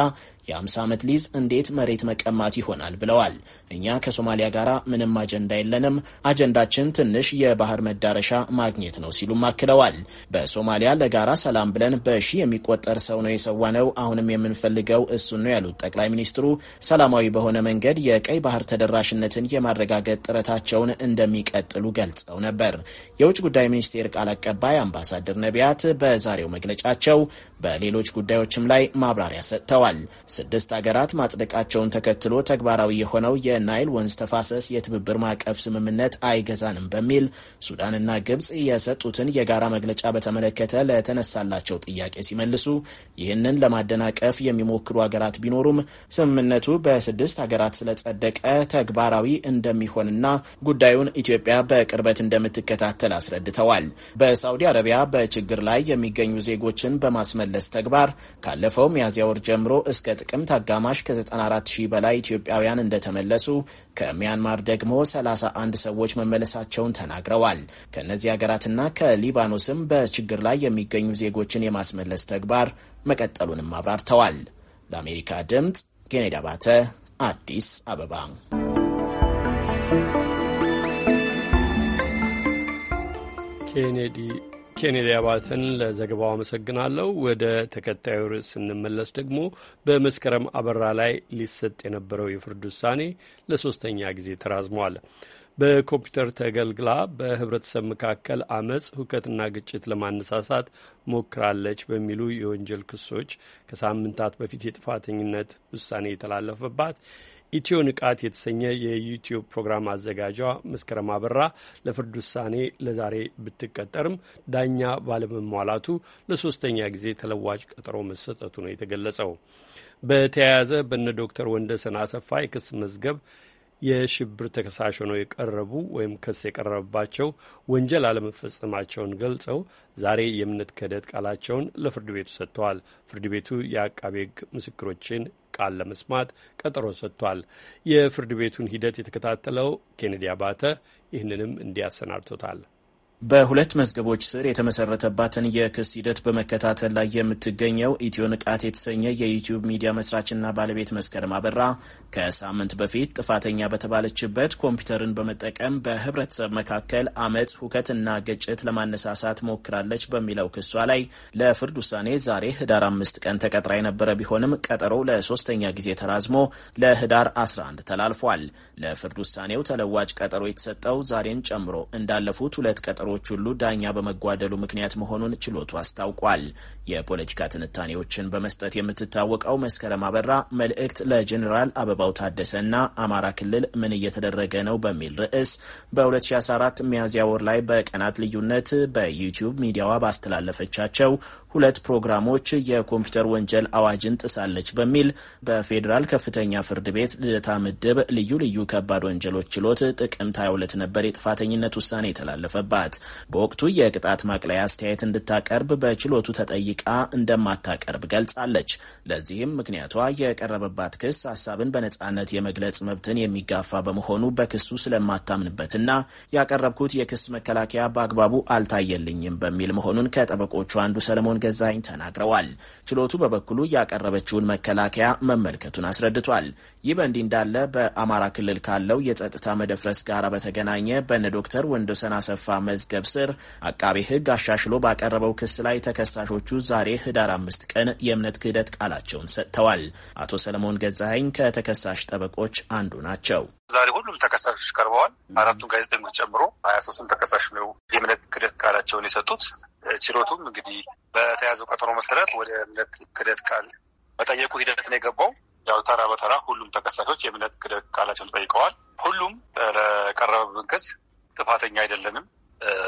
የ50 ዓመት ሊዝ እንዴት መሬት መቀማት ይሆናል ብለዋል። እኛ ከሶማሊያ ጋር ምንም አጀንዳ የለንም፣ አጀንዳችን ትንሽ የባህር መዳረሻ ማግኘት ነው ሲሉም አክለዋል። በሶማሊያ ለጋራ ሰላም ብለን በሺ የሚቆጠር ሰው ነው የሰዋ ነው። አሁንም የምንፈልገው እሱን ነው ያሉት ጠቅላይ ሚኒስትሩ ሰላማዊ በሆነ መንገድ የቀይ ባህር ተደራሽነትን የማረጋገጥ ጥረታቸውን እንደሚቀጥሉ ገልጸው ነበር። የውጭ ጉዳይ ሚኒስቴር ቃል አቀባይ አምባሳደር ነቢያት በዛሬው መግለጫቸው በሌሎች ጉዳዮችም ላይ ማብራሪያ ሰጥተዋል። ስድስት አገራት ማጽደቃቸውን ተከትሎ ተግባራዊ የሆነው የናይል ወንዝ ተፋሰስ የትብብር ማዕቀፍ ስምምነት አይገዛንም በሚል ሱዳንና ግብጽ የሰጡትን የጋራ መግለጫ በተመለከተ ለተነሳላቸው ጥያቄ ሲመልሱ ይህንን ለማደናቀፍ የሚሞክሩ አገራት ቢኖሩም ስምምነቱ በስድስት አገራት ስለጸደቀ ተግባራዊ እንደሚሆንና ጉዳዩን ኢትዮጵያ በቅርበት እንደምትከታተል አስረድተዋል። በሳውዲ አረቢያ በችግር ላይ የሚገኙ ዜጎችን በማስመለስ ተግባር ካለፈው ሚያዝያ ወር ጀምሮ እስከ በጥቅምት አጋማሽ ከ94 ሺህ በላይ ኢትዮጵያውያን እንደተመለሱ ከሚያንማር ደግሞ 31 ሰዎች መመለሳቸውን ተናግረዋል። ከእነዚህ ሀገራትና ከሊባኖስም በችግር ላይ የሚገኙ ዜጎችን የማስመለስ ተግባር መቀጠሉንም አብራርተዋል። ለአሜሪካ ድምፅ ኬኔዲ አባተ አዲስ አበባ። ኬኔዲ ኬኔዲ አባትን ለዘገባው አመሰግናለሁ። ወደ ተከታዩ ርዕስ ስንመለስ ደግሞ በመስከረም አበራ ላይ ሊሰጥ የነበረው የፍርድ ውሳኔ ለሶስተኛ ጊዜ ተራዝሟል። በኮምፒውተር ተገልግላ በህብረተሰብ መካከል አመፅ፣ ሁከትና ግጭት ለማነሳሳት ሞክራለች በሚሉ የወንጀል ክሶች ከሳምንታት በፊት የጥፋተኝነት ውሳኔ የተላለፈባት ኢትዮ ንቃት የተሰኘ የዩቲዩብ ፕሮግራም አዘጋጇ መስከረም አበራ ለፍርድ ውሳኔ ለዛሬ ብትቀጠርም ዳኛ ባለመሟላቱ ለሶስተኛ ጊዜ ተለዋጭ ቀጠሮ መሰጠቱ ነው የተገለጸው። በተያያዘ በነ ዶክተር ወንደሰን አሰፋ የክስ መዝገብ የሽብር ተከሳሽ ሆነው የቀረቡ ወይም ክስ የቀረበባቸው ወንጀል አለመፈጸማቸውን ገልጸው ዛሬ የእምነት ክህደት ቃላቸውን ለፍርድ ቤቱ ሰጥተዋል። ፍርድ ቤቱ የአቃቤ ሕግ ምስክሮችን ቃል ለመስማት ቀጠሮ ሰጥቷል። የፍርድ ቤቱን ሂደት የተከታተለው ኬኔዲ አባተ ይህንንም እንዲያሰናድቶታል። በሁለት መዝገቦች ስር የተመሰረተባትን የክስ ሂደት በመከታተል ላይ የምትገኘው ኢትዮ ንቃት የተሰኘ የዩቲዩብ ሚዲያ መስራችና ባለቤት መስከረም አበራ ከሳምንት በፊት ጥፋተኛ በተባለችበት ኮምፒውተርን በመጠቀም በህብረተሰብ መካከል አመፅ፣ ሁከትና ግጭት ለማነሳሳት ሞክራለች በሚለው ክሷ ላይ ለፍርድ ውሳኔ ዛሬ ህዳር አምስት ቀን ተቀጥራ የነበረ ቢሆንም ቀጠሮው ለሶስተኛ ጊዜ ተራዝሞ ለህዳር 11 ተላልፏል። ለፍርድ ውሳኔው ተለዋጭ ቀጠሮ የተሰጠው ዛሬን ጨምሮ እንዳለፉት ሁለት ቀጠሮ ነገሮች ሁሉ ዳኛ በመጓደሉ ምክንያት መሆኑን ችሎቱ አስታውቋል። የፖለቲካ ትንታኔዎችን በመስጠት የምትታወቀው መስከረም አበራ መልእክት ለጀኔራል አበባው ታደሰና አማራ ክልል ምን እየተደረገ ነው በሚል ርዕስ በ2014 ሚያዝያ ወር ላይ በቀናት ልዩነት በዩቲዩብ ሚዲያዋ ባስተላለፈቻቸው ሁለት ፕሮግራሞች የኮምፒውተር ወንጀል አዋጅን ጥሳለች በሚል በፌዴራል ከፍተኛ ፍርድ ቤት ልደታ ምድብ ልዩ ልዩ ከባድ ወንጀሎች ችሎት ጥቅምት 22 ነበር የጥፋተኝነት ውሳኔ የተላለፈባት። በወቅቱ የቅጣት ማቅለያ አስተያየት እንድታቀርብ በችሎቱ ተጠይቃ እንደማታቀርብ ገልጻለች። ለዚህም ምክንያቷ የቀረበባት ክስ ሀሳብን በነጻነት የመግለጽ መብትን የሚጋፋ በመሆኑ በክሱ ስለማታምንበትና ያቀረብኩት የክስ መከላከያ በአግባቡ አልታየልኝም በሚል መሆኑን ከጠበቆቹ አንዱ ሰለሞን ገዛኝ ተናግረዋል። ችሎቱ በበኩሉ ያቀረበችውን መከላከያ መመልከቱን አስረድቷል። ይህ በእንዲህ እንዳለ በአማራ ክልል ካለው የጸጥታ መደፍረስ ጋር በተገናኘ በነ ዶክተር ወንዶሰን አሰፋ መዝገብ ስር አቃቤ ሕግ አሻሽሎ ባቀረበው ክስ ላይ ተከሳሾቹ ዛሬ ህዳር አምስት ቀን የእምነት ክህደት ቃላቸውን ሰጥተዋል። አቶ ሰለሞን ገዛኸኝ ከተከሳሽ ጠበቆች አንዱ ናቸው። ዛሬ ሁሉም ተከሳሾች ቀርበዋል። አራቱን ጋዜጠኞች ጨምሮ ሀያ ሶስቱም ተከሳሽ ነው የእምነት ክህደት ቃላቸውን የሰጡት። ችሎቱም እንግዲህ በተያዘው ቀጠሮ መሰረት ወደ እምነት ክህደት ቃል መጠየቁ ሂደት ነው የገባው። ያው ተራ በተራ ሁሉም ተከሳሾች የእምነት ክደት ቃላቸውን ጠይቀዋል። ሁሉም ለቀረበብን ክስ ጥፋተኛ አይደለንም፣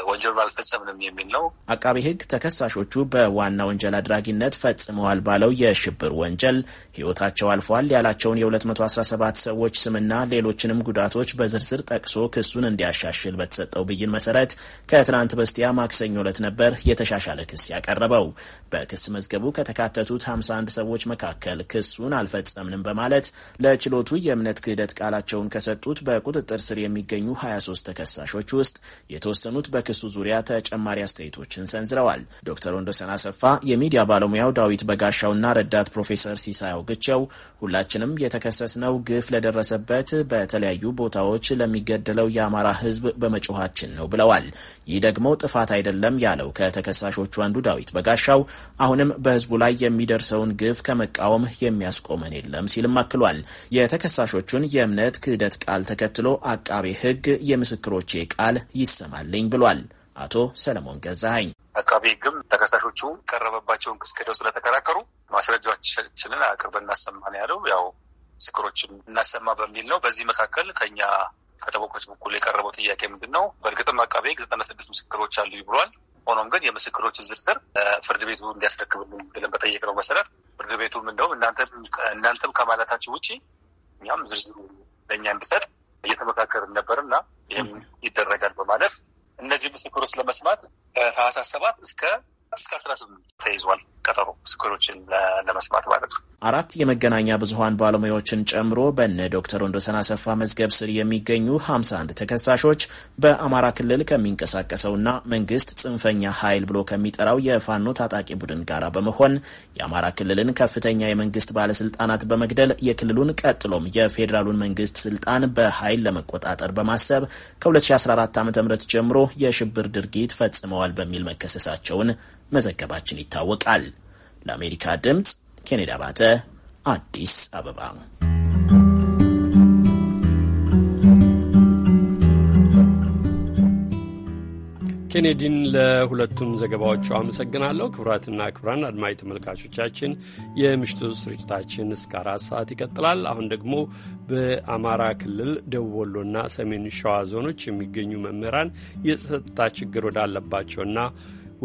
ወንጀል አልፈጸምንም የሚል ነው። አቃቢ ሕግ ተከሳሾቹ በዋና ወንጀል አድራጊነት ፈጽመዋል ባለው የሽብር ወንጀል ሕይወታቸው አልፏል ያላቸውን የ217 ሰዎች ስምና ሌሎችንም ጉዳቶች በዝርዝር ጠቅሶ ክሱን እንዲያሻሽል በተሰጠው ብይን መሰረት ከትናንት በስቲያ ማክሰኞ ዕለት ነበር የተሻሻለ ክስ ያቀረበው። በክስ መዝገቡ ከተካተቱት 51 ሰዎች መካከል ክሱን አልፈጸምንም በማለት ለችሎቱ የእምነት ክህደት ቃላቸውን ከሰጡት በቁጥጥር ስር የሚገኙ 23 ተከሳሾች ውስጥ የተወሰኑ የሰጡት በክሱ ዙሪያ ተጨማሪ አስተያየቶችን ሰንዝረዋል። ዶክተር ወንዶሰን አሰፋ፣ የሚዲያ ባለሙያው ዳዊት በጋሻውና ረዳት ፕሮፌሰር ሲሳያው ግቸው ሁላችንም የተከሰስነው ግፍ ለደረሰበት በተለያዩ ቦታዎች ለሚገደለው የአማራ ሕዝብ በመጮኋችን ነው ብለዋል። ይህ ደግሞ ጥፋት አይደለም ያለው ከተከሳሾቹ አንዱ ዳዊት በጋሻው አሁንም በሕዝቡ ላይ የሚደርሰውን ግፍ ከመቃወም የሚያስቆመን የለም ሲልም አክሏል። የተከሳሾቹን የእምነት ክህደት ቃል ተከትሎ አቃቤ ሕግ የምስክሮቼ ቃል ይሰማልኝ ብሏል። አቶ ሰለሞን ገዛሀኝ። አቃቤ ሕግም ተከሳሾቹ ቀረበባቸውን ክስ ክደው ስለተከራከሩ ማስረጃዎቻችንን አቅርበን እናሰማን ያለው ያው ምስክሮችን እናሰማ በሚል ነው። በዚህ መካከል ከኛ ከጠበቆች በኩል የቀረበው ጥያቄ ምንድን ነው? በእርግጥም አቃቤ ሕግ ዘጠና ስድስት ምስክሮች አሉ ብሏል። ሆኖም ግን የምስክሮች ዝርዝር ፍርድ ቤቱ እንዲያስረክብልን ብለን በጠየቅነው መሰረት ፍርድ ቤቱም እንደውም እናንተም ከማለታችን ውጭ እኛም ዝርዝሩ ለእኛ እንድሰጥ እየተመካከርን ነበር እና ይህም ይደረጋል በማለት እነዚህ ምስክሮች ለመስማት ከታህሳስ ሰባት እስከ እስከ አስራ ስምንት ተይዟል ቀጠሮ ምስክሮችን ለመስማት ማለት ነው። አራት የመገናኛ ብዙሀን ባለሙያዎችን ጨምሮ በነ ዶክተር ወንዶሰን አሰፋ መዝገብ ስር የሚገኙ ሀምሳ አንድ ተከሳሾች በአማራ ክልል ከሚንቀሳቀሰውና መንግስት ጽንፈኛ ኃይል ብሎ ከሚጠራው የፋኖ ታጣቂ ቡድን ጋር በመሆን የአማራ ክልልን ከፍተኛ የመንግስት ባለስልጣናት በመግደል የክልሉን ቀጥሎም የፌዴራሉን መንግስት ስልጣን በኃይል ለመቆጣጠር በማሰብ ከ2014 ዓ ም ጀምሮ የሽብር ድርጊት ፈጽመዋል በሚል መከሰሳቸውን መዘገባችን ይታወቃል። ለአሜሪካ ድምፅ ኬኔዲ አባተ አዲስ አበባ። ኬኔዲን ለሁለቱም ዘገባዎቹ አመሰግናለሁ። ክቡራትና ክቡራን አድማጭ ተመልካቾቻችን የምሽቱ ስርጭታችን እስከ አራት ሰዓት ይቀጥላል። አሁን ደግሞ በአማራ ክልል ደቡብ ወሎና ሰሜን ሸዋ ዞኖች የሚገኙ መምህራን የጸጥታ ችግር ወዳለባቸውና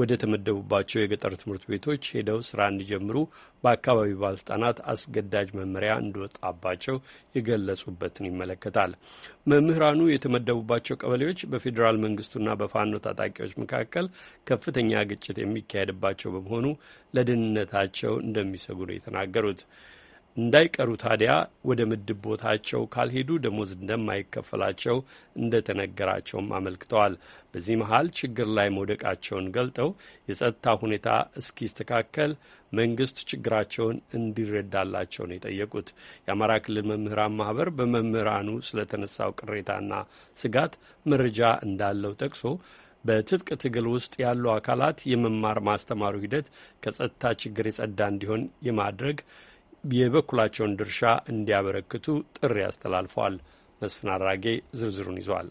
ወደ ተመደቡባቸው የገጠር ትምህርት ቤቶች ሄደው ስራ እንዲጀምሩ በአካባቢው ባለስልጣናት አስገዳጅ መመሪያ እንደወጣባቸው የገለጹበትን ይመለከታል። መምህራኑ የተመደቡባቸው ቀበሌዎች በፌዴራል መንግስቱና በፋኖ ታጣቂዎች መካከል ከፍተኛ ግጭት የሚካሄድባቸው በመሆኑ ለደህንነታቸው እንደሚሰጉ ነው የተናገሩት። እንዳይቀሩ ታዲያ ወደ ምድብ ቦታቸው ካልሄዱ ደሞዝ እንደማይከፈላቸው እንደተነገራቸውም አመልክተዋል። በዚህ መሀል ችግር ላይ መውደቃቸውን ገልጠው የጸጥታ ሁኔታ እስኪስተካከል መንግስት ችግራቸውን እንዲረዳላቸው ነው የጠየቁት። የአማራ ክልል መምህራን ማህበር በመምህራኑ ስለተነሳው ቅሬታና ስጋት መረጃ እንዳለው ጠቅሶ በትጥቅ ትግል ውስጥ ያሉ አካላት የመማር ማስተማሩ ሂደት ከጸጥታ ችግር የጸዳ እንዲሆን የማድረግ የበኩላቸውን ድርሻ እንዲያበረክቱ ጥሪ አስተላልፈዋል። መስፍን አራጌ ዝርዝሩን ይዟል።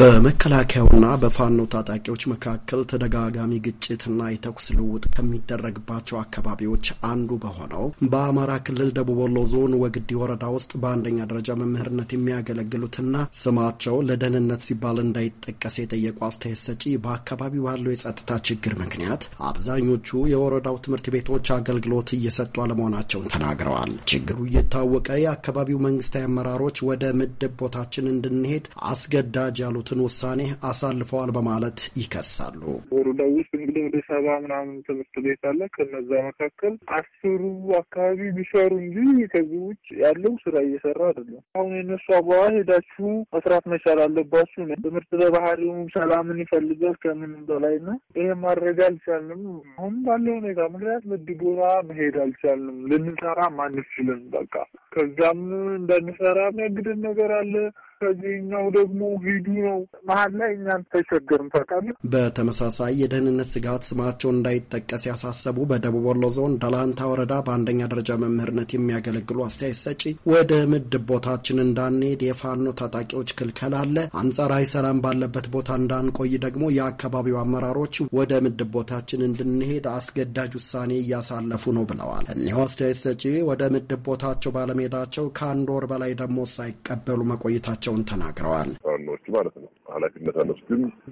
በመከላከያውና በፋኖ ታጣቂዎች መካከል ተደጋጋሚ ግጭትና የተኩስ ልውውጥ ከሚደረግባቸው አካባቢዎች አንዱ በሆነው በአማራ ክልል ደቡብ ወሎ ዞን ወግዲ ወረዳ ውስጥ በአንደኛ ደረጃ መምህርነት የሚያገለግሉትና ስማቸው ለደህንነት ሲባል እንዳይጠቀስ የጠየቁ አስተያየት ሰጪ በአካባቢው ባለው የጸጥታ ችግር ምክንያት አብዛኞቹ የወረዳው ትምህርት ቤቶች አገልግሎት እየሰጡ አለመሆናቸውን ተናግረዋል። ችግሩ እየታወቀ የአካባቢው መንግስታዊ አመራሮች ወደ ምድብ ቦታችን እንድንሄድ አስገዳጅ ያሉትን ውሳኔ አሳልፈዋል በማለት ይከሳሉ። ወረዳ ውስጥ እንግዲህ ወደ ሰባ ምናምን ትምህርት ቤት አለ። ከነዛ መካከል አስሩ አካባቢ ቢሰሩ እንጂ ከዚህ ውጭ ያለው ስራ እየሰራ አይደለም። አሁን የነሱ አባዋ ሄዳችሁ መስራት መቻል አለባችሁ ነው። ትምህርት በባህሪው ሰላምን ይፈልጋል ከምንም በላይ ነው። ይህ ማድረግ አልቻልንም። አሁን ባለው ሁኔታ ምክንያት ለድጎራ መሄድ አልቻልንም። ልንሰራ ማንችልም። በቃ ከዛም እንደንሰራ የሚያግደን ነገር አለ። ከዚህኛው ደግሞ ሂዱ ነው። መሀል ላይ እኛን ተቸገርም ታውቃለ። በተመሳሳይ የደህንነት ስጋት ስማቸው እንዳይጠቀስ ያሳሰቡ በደቡብ ወሎ ዞን ዳላንታ ወረዳ በአንደኛ ደረጃ መምህርነት የሚያገለግሉ አስተያየት ሰጪ ወደ ምድብ ቦታችን እንዳንሄድ የፋኖ ታጣቂዎች ክልከል አለ፣ አንጻራዊ ሰላም ባለበት ቦታ እንዳንቆይ ደግሞ የአካባቢው አመራሮች ወደ ምድብ ቦታችን እንድንሄድ አስገዳጅ ውሳኔ እያሳለፉ ነው ብለዋል። እኒሁ አስተያየት ሰጪ ወደ ምድብ ቦታቸው ባለመ ከሜዳቸው ከአንድ ወር በላይ ደሞዝ ሳይቀበሉ መቆየታቸውን ተናግረዋል። ፋኖቹ ማለት ነው። ኃላፊነት አነሱ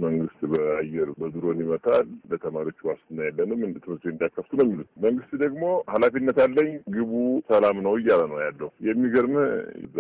መንግስት በአየር በድሮን ይመታል፣ ለተማሪዎች ዋስትና የለንም፣ እንደ ትምህርት ቤት እንዳከፍቱ ነው የሚሉት። መንግስት ደግሞ ኃላፊነት አለኝ ግቡ ሰላም ነው እያለ ነው ያለው። የሚገርም እዛ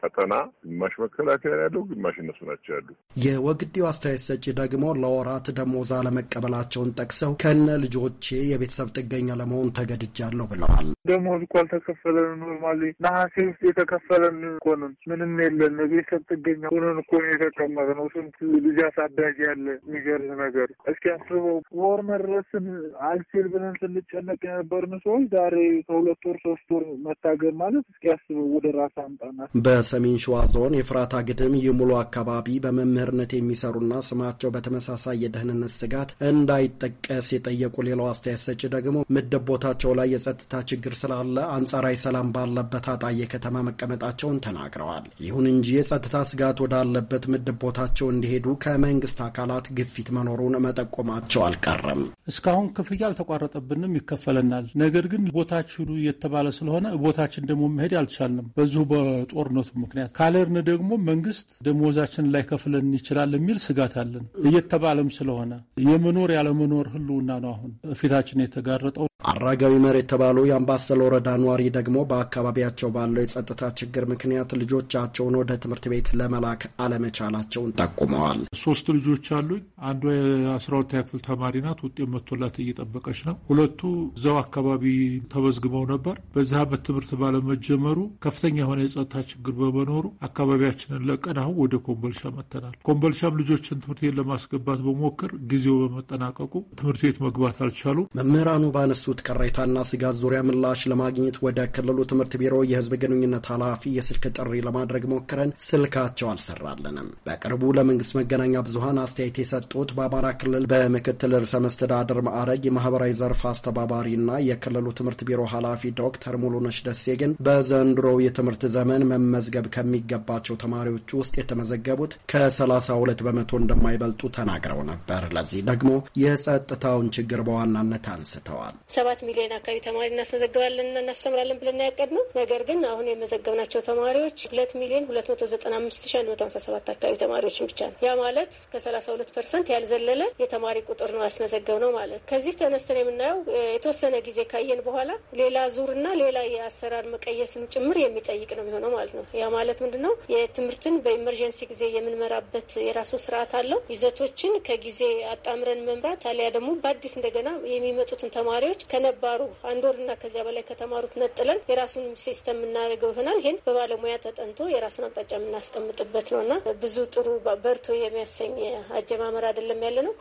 ቀጠና ግማሽ መከላከያ ያለው ግማሽ እነሱ ናቸው ያሉ። የወግዴው አስተያየት ሰጪ ደግሞ ለወራት ደሞዝ አለመቀበላቸውን ጠቅሰው ከነ ልጆቼ የቤተሰብ ጥገኛ ለመሆን ተገድጃለሁ ብለዋል። ደሞዝ እኮ አልተከፈለን ኖርማሊ ነሐሴ ውስጥ የተከፈለን እኮ ነን። ምንም የለን ቤተሰብ ጥገኛ ሆነን እኮ የተቀመጥነው ስንት ልጅ አሳዳጊ ያለ የሚገርም ነገር እስኪ አስበው። ወር መድረስን አልችል ብለን ስንጨነቅ የነበርን ሰዎች ዛሬ ከሁለት ወር ሶስት ወር መታገር ማለት እስኪ አስበው። ወደ ራስ አምጣና በሰሜን ሸዋ ዞን የፍራታ ግድም የሙሉ አካባቢ በመምህርነት የሚሰሩና ስማቸው በተመሳሳይ የደህንነት ስጋት እንዳይጠቀስ የጠየቁ ሌላው አስተያየት ሰጪ ደግሞ ምድብ ቦታቸው ላይ የጸጥታ ችግር ስላለ አንጻራዊ ሰላም ባለበት አጣዬ ከተማ መቀመጣቸውን ተናግረዋል። ይሁን እንጂ የጸጥታ ስጋት ወዳለበት ምድብ ቦታ ቤታቸው እንዲሄዱ ከመንግስት አካላት ግፊት መኖሩን መጠቆማቸው አልቀረም። እስካሁን ክፍያ አልተቋረጠብንም፣ ይከፈለናል። ነገር ግን ቦታችሁ ሂዱ የተባለ ስለሆነ ቦታችን ደግሞ መሄድ አልቻልንም። በዚሁ በጦርነቱ ምክንያት ካልሄድን ደግሞ መንግስት ደሞዛችን ላይከፍለን ይችላል የሚል ስጋት አለን እየተባለም ስለሆነ የመኖር ያለመኖር ህልውና ነው አሁን ፊታችን የተጋረጠው። አራጋዊ መር የተባሉ የአምባሰል ወረዳ ኗሪ ደግሞ በአካባቢያቸው ባለው የጸጥታ ችግር ምክንያት ልጆቻቸውን ወደ ትምህርት ቤት ለመላክ አለመቻላቸውን ጠቁመዋል። ሶስት ልጆች አሉኝ። አንዷ የአስራ ሁለተኛ ክፍል ተማሪ ናት። ውጤት መቶላት እየጠበቀች ነው። ሁለቱ እዛው አካባቢ ተመዝግበው ነበር። በዚህ ዓመት ትምህርት ባለመጀመሩ ከፍተኛ የሆነ የጸጥታ ችግር በመኖሩ አካባቢያችንን ለቀን አሁን ወደ ኮምቦልሻ መተናል። ኮምቦልሻም ልጆችን ትምህርት ቤት ለማስገባት በሞክር ጊዜው በመጠናቀቁ ትምህርት ቤት መግባት አልቻሉም። መምህራኑ ባነሱት ቅሬታና ስጋት ዙሪያ ምላሽ ለማግኘት ወደ ክልሉ ትምህርት ቢሮ የህዝብ ግንኙነት ኃላፊ የስልክ ጥሪ ለማድረግ ሞክረን ስልካቸው አልሰራልንም። በቅርቡ ለመንግስት መገናኛ ብዙሀን አስተያየት የሰጡት በአማራ ክልል በምክትል ርዕሰ መስተዳድር ማዕረግ የማህበራዊ ዘርፍ አስተባባሪና የክልሉ ትምህርት ቢሮ ኃላፊ ዶክተር ሙሉነሽ ደሴ ግን በዘንድሮው የትምህርት ዘመን መመዝገብ ከሚገባቸው ተማሪዎች ውስጥ የተመዘገቡት ከ32 በመቶ እንደማይበልጡ ተናግረው ነበር። ለዚህ ደግሞ የጸጥታውን ችግር በዋናነት አንስተዋል። ሰባት ሚሊዮን አካባቢ ተማሪ እናስመዘግባለንና እናስተምራለን ብለን ያቀድነው ነገር ግን አሁን የመዘገብናቸው ተማሪዎች ሁለት ሚሊዮን ሁለት መቶ ዘጠና አምስት ሺ አንድ መቶ ሀምሳ ሰባት አካባቢ ተማሪዎች ብቻ ነው። ያ ማለት ከ ሁለት ፐርሰንት ያልዘለለ የተማሪ ቁጥር ነው ያስመዘገብ ነው ማለት። ከዚህ ተነስተን የምናየው የተወሰነ ጊዜ ካየን በኋላ ሌላ ዙርና ሌላ የአሰራር መቀየስን ጭምር የሚጠይቅ ነው የሚሆነው ማለት ነው። ያ ማለት ምንድን ነው? የትምህርትን በኢመርጀንሲ ጊዜ የምንመራበት የራሱ ስርዓት አለው። ይዘቶችን ከጊዜ አጣምረን መምራት አሊያ ደግሞ በአዲስ እንደገና የሚመጡትን ተማሪዎች ከነባሩ አንድ ወርና ከዚያ በላይ ከተማሩት ነጥለን የራሱን ሲስተም የምናደርገው ይሆናል። ይህን በባለሙያ ተጠንቶ የራሱን አቅጣጫ የምናስቀምጥበት ነው እና ብዙ ጥሩ በርቶ የሚያሰኝ አጀማመር አይደለም ያለ ነው።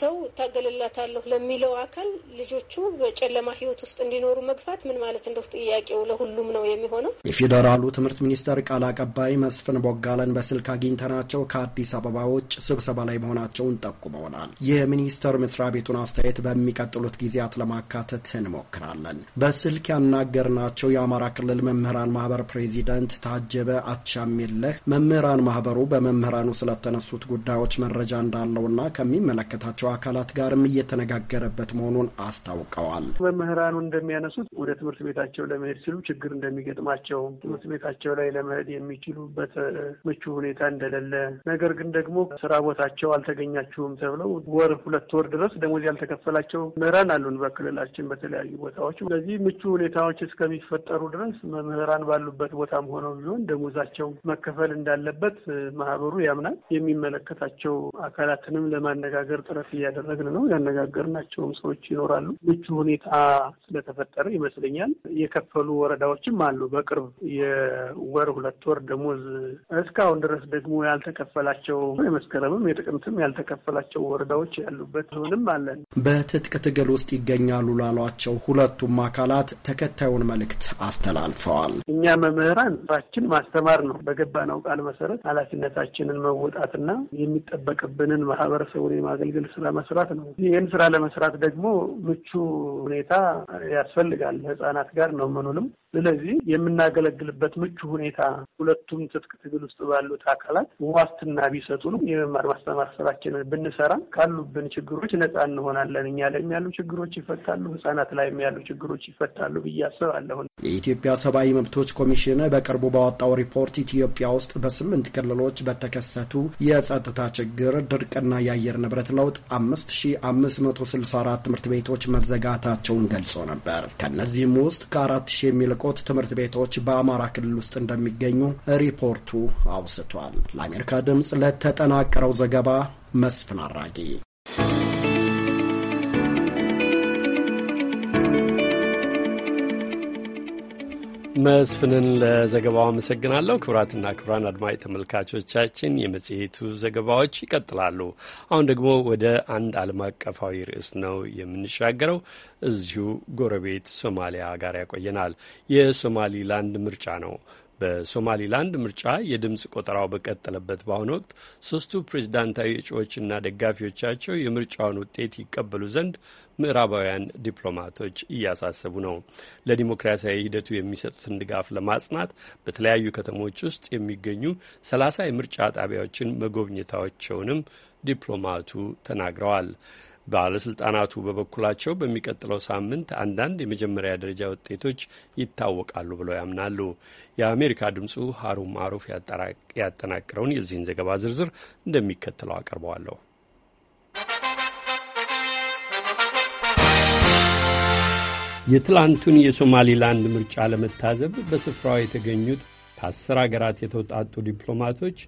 ሰው ታገልላታለሁ ለሚለው አካል ልጆቹ በጨለማ ህይወት ውስጥ እንዲኖሩ መግፋት ምን ማለት እንደው ጥያቄው ለሁሉም ነው የሚሆነው። የፌዴራሉ ትምህርት ሚኒስቴር ቃል አቀባይ መስፍን ቦጋለን በስልክ አግኝተናቸው ከአዲስ አበባ ውጭ ስብሰባ ላይ መሆናቸውን ጠቁመውናል። የሚኒስቴር መስሪያ ቤቱን አስተያየት በሚቀጥሉት ጊዜያት ለማካተት እንሞክራለን። በስልክ ያናገርናቸው የአማራ ክልል መምህራን ማህበር ፕሬዚደንት ታጀበ አቻሜለህ መምህራን ማህበሩ በመምህራኑ ስለ ስለተነሱት ጉዳዮች መረጃ እንዳለውና ከሚመለከታቸው አካላት ጋርም እየተነጋገረበት መሆኑን አስታውቀዋል። መምህራኑ እንደሚያነሱት ወደ ትምህርት ቤታቸው ለመሄድ ሲሉ ችግር እንደሚገጥማቸው፣ ትምህርት ቤታቸው ላይ ለመሄድ የሚችሉበት ምቹ ሁኔታ እንደሌለ፣ ነገር ግን ደግሞ ስራ ቦታቸው አልተገኛችሁም ተብለው ወር ሁለት ወር ድረስ ደሞዝ ያልተከፈላቸው መምህራን አሉን በክልላችን በተለያዩ ቦታዎች። ስለዚህ ምቹ ሁኔታዎች እስከሚፈጠሩ ድረስ መምህራን ባሉበት ቦታም ሆነው ቢሆን ደሞዛቸው መከፈል እንዳለበት ማህበሩ ያምናል። ይዘናል። የሚመለከታቸው አካላትንም ለማነጋገር ጥረት እያደረግን ነው። ያነጋገርናቸውም ሰዎች ይኖራሉ። ምቹ ሁኔታ ስለተፈጠረ ይመስለኛል የከፈሉ ወረዳዎችም አሉ። በቅርብ የወር ሁለት ወር ደሞዝ እስካሁን ድረስ ደግሞ ያልተከፈላቸው የመስከረምም የጥቅምትም ያልተከፈላቸው ወረዳዎች ያሉበት ሆንም አለን። በትጥቅ ትግል ውስጥ ይገኛሉ ላሏቸው ሁለቱም አካላት ተከታዩን መልእክት አስተላልፈዋል። እኛ መምህራን ራችን ማስተማር ነው። በገባነው ቃል መሰረት ኃላፊነታችንን መወ መወጣትና የሚጠበቅብንን ማህበረሰቡን የማገልገል ስራ መስራት ነው። ይህን ስራ ለመስራት ደግሞ ምቹ ሁኔታ ያስፈልጋል። ህጻናት ጋር ነው ምኑንም ስለዚህ የምናገለግልበት ምቹ ሁኔታ ሁለቱም ትጥቅ ትግል ውስጥ ባሉት አካላት ዋስትና ቢሰጡን የመማር ማስተማር ስራችንን ብንሰራ ካሉብን ችግሮች ነፃ እንሆናለን። እኛ ላይም ያሉ ችግሮች ይፈታሉ፣ ህጻናት ላይም ያሉ ችግሮች ይፈታሉ ብዬ አስባለሁ። የኢትዮጵያ ሰብአዊ መብቶች ኮሚሽን በቅርቡ ባወጣው ሪፖርት ኢትዮጵያ ውስጥ በስምንት ክልሎች በተከሰቱ የጸጥታ ችግር፣ ድርቅና የአየር ንብረት ለውጥ አምስት ሺ አምስት መቶ ስልሳ አራት ትምህርት ቤቶች መዘጋታቸውን ገልጾ ነበር። ከእነዚህም ውስጥ ከአራት ሺ የሚልቁ የአድቆት ትምህርት ቤቶች በአማራ ክልል ውስጥ እንደሚገኙ ሪፖርቱ አውስቷል። ለአሜሪካ ድምፅ ለተጠናቀረው ዘገባ መስፍን አራጌ መስፍንን ለዘገባው አመሰግናለሁ። ክቡራትና ክቡራን አድማጭ ተመልካቾቻችን የመጽሔቱ ዘገባዎች ይቀጥላሉ። አሁን ደግሞ ወደ አንድ ዓለም አቀፋዊ ርዕስ ነው የምንሻገረው። እዚሁ ጎረቤት ሶማሊያ ጋር ያቆየናል። የሶማሊላንድ ምርጫ ነው። በሶማሊላንድ ምርጫ የድምፅ ቆጠራው በቀጠለበት በአሁኑ ወቅት ሶስቱ ፕሬዚዳንታዊ እጩዎችና ደጋፊዎቻቸው የምርጫውን ውጤት ይቀበሉ ዘንድ ምዕራባውያን ዲፕሎማቶች እያሳሰቡ ነው። ለዲሞክራሲያዊ ሂደቱ የሚሰጡትን ድጋፍ ለማጽናት በተለያዩ ከተሞች ውስጥ የሚገኙ ሰላሳ የምርጫ ጣቢያዎችን መጎብኘታቸውንም ዲፕሎማቱ ተናግረዋል። ባለስልጣናቱ በበኩላቸው በሚቀጥለው ሳምንት አንዳንድ የመጀመሪያ ደረጃ ውጤቶች ይታወቃሉ ብለው ያምናሉ። የአሜሪካ ድምፁ ሀሩን ማሩፍ ያጠናቅረውን የዚህን ዘገባ ዝርዝር እንደሚከተለው አቀርበዋለሁ። የትላንቱን የሶማሊላንድ ምርጫ ለመታዘብ በስፍራው የተገኙት ከአስር አገራት የተውጣጡ ዲፕሎማቶች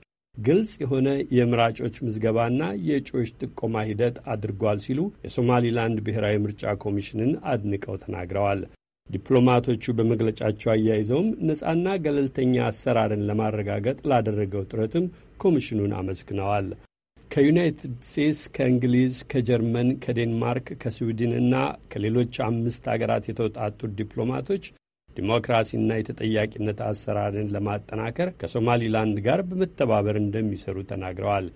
ግልጽ የሆነ የምራጮች ምዝገባና የእጩዎች ጥቆማ ሂደት አድርጓል ሲሉ የሶማሊላንድ ብሔራዊ ምርጫ ኮሚሽንን አድንቀው ተናግረዋል። ዲፕሎማቶቹ በመግለጫቸው አያይዘውም ነጻና ገለልተኛ አሰራርን ለማረጋገጥ ላደረገው ጥረትም ኮሚሽኑን አመስግነዋል። ከዩናይትድ ስቴትስ፣ ከእንግሊዝ፣ ከጀርመን፣ ከዴንማርክ፣ ከስዊድን እና ከሌሎች አምስት አገራት የተውጣጡት ዲፕሎማቶች ዲሞክራሲና የተጠያቂነት አሰራርን ለማጠናከር ከሶማሊላንድ ጋር በመተባበር እንደሚሰሩ ተናግረዋል።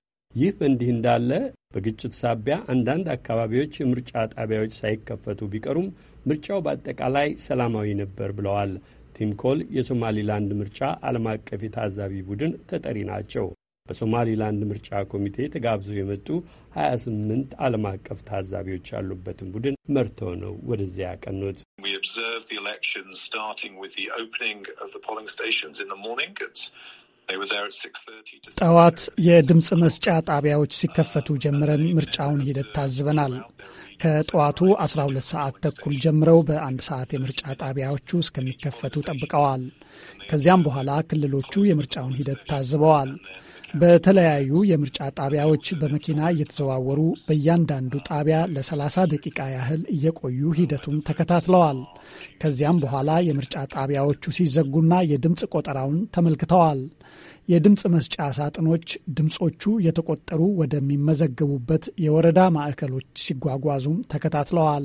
ይህ በእንዲህ እንዳለ በግጭት ሳቢያ አንዳንድ አካባቢዎች የምርጫ ጣቢያዎች ሳይከፈቱ ቢቀሩም ምርጫው በአጠቃላይ ሰላማዊ ነበር ብለዋል። ቲም ኮል የሶማሊላንድ ምርጫ ዓለም አቀፍ የታዛቢ ቡድን ተጠሪ ናቸው። በሶማሊላንድ ምርጫ ኮሚቴ ተጋብዘው የመጡ 28 ዓለም አቀፍ ታዛቢዎች ያሉበትን ቡድን መርተው ነው ወደዚያ ያቀኑት። ጠዋት የድምፅ መስጫ ጣቢያዎች ሲከፈቱ ጀምረን ምርጫውን ሂደት ታዝበናል። ከጠዋቱ 12 ሰዓት ተኩል ጀምረው በአንድ ሰዓት የምርጫ ጣቢያዎቹ እስከሚከፈቱ ጠብቀዋል። ከዚያም በኋላ ክልሎቹ የምርጫውን ሂደት ታዝበዋል። በተለያዩ የምርጫ ጣቢያዎች በመኪና እየተዘዋወሩ በእያንዳንዱ ጣቢያ ለ30 ደቂቃ ያህል እየቆዩ ሂደቱን ተከታትለዋል። ከዚያም በኋላ የምርጫ ጣቢያዎቹ ሲዘጉና የድምፅ ቆጠራውን ተመልክተዋል። የድምፅ መስጫ ሳጥኖች ድምፆቹ የተቆጠሩ ወደሚመዘገቡበት የወረዳ ማዕከሎች ሲጓጓዙም ተከታትለዋል።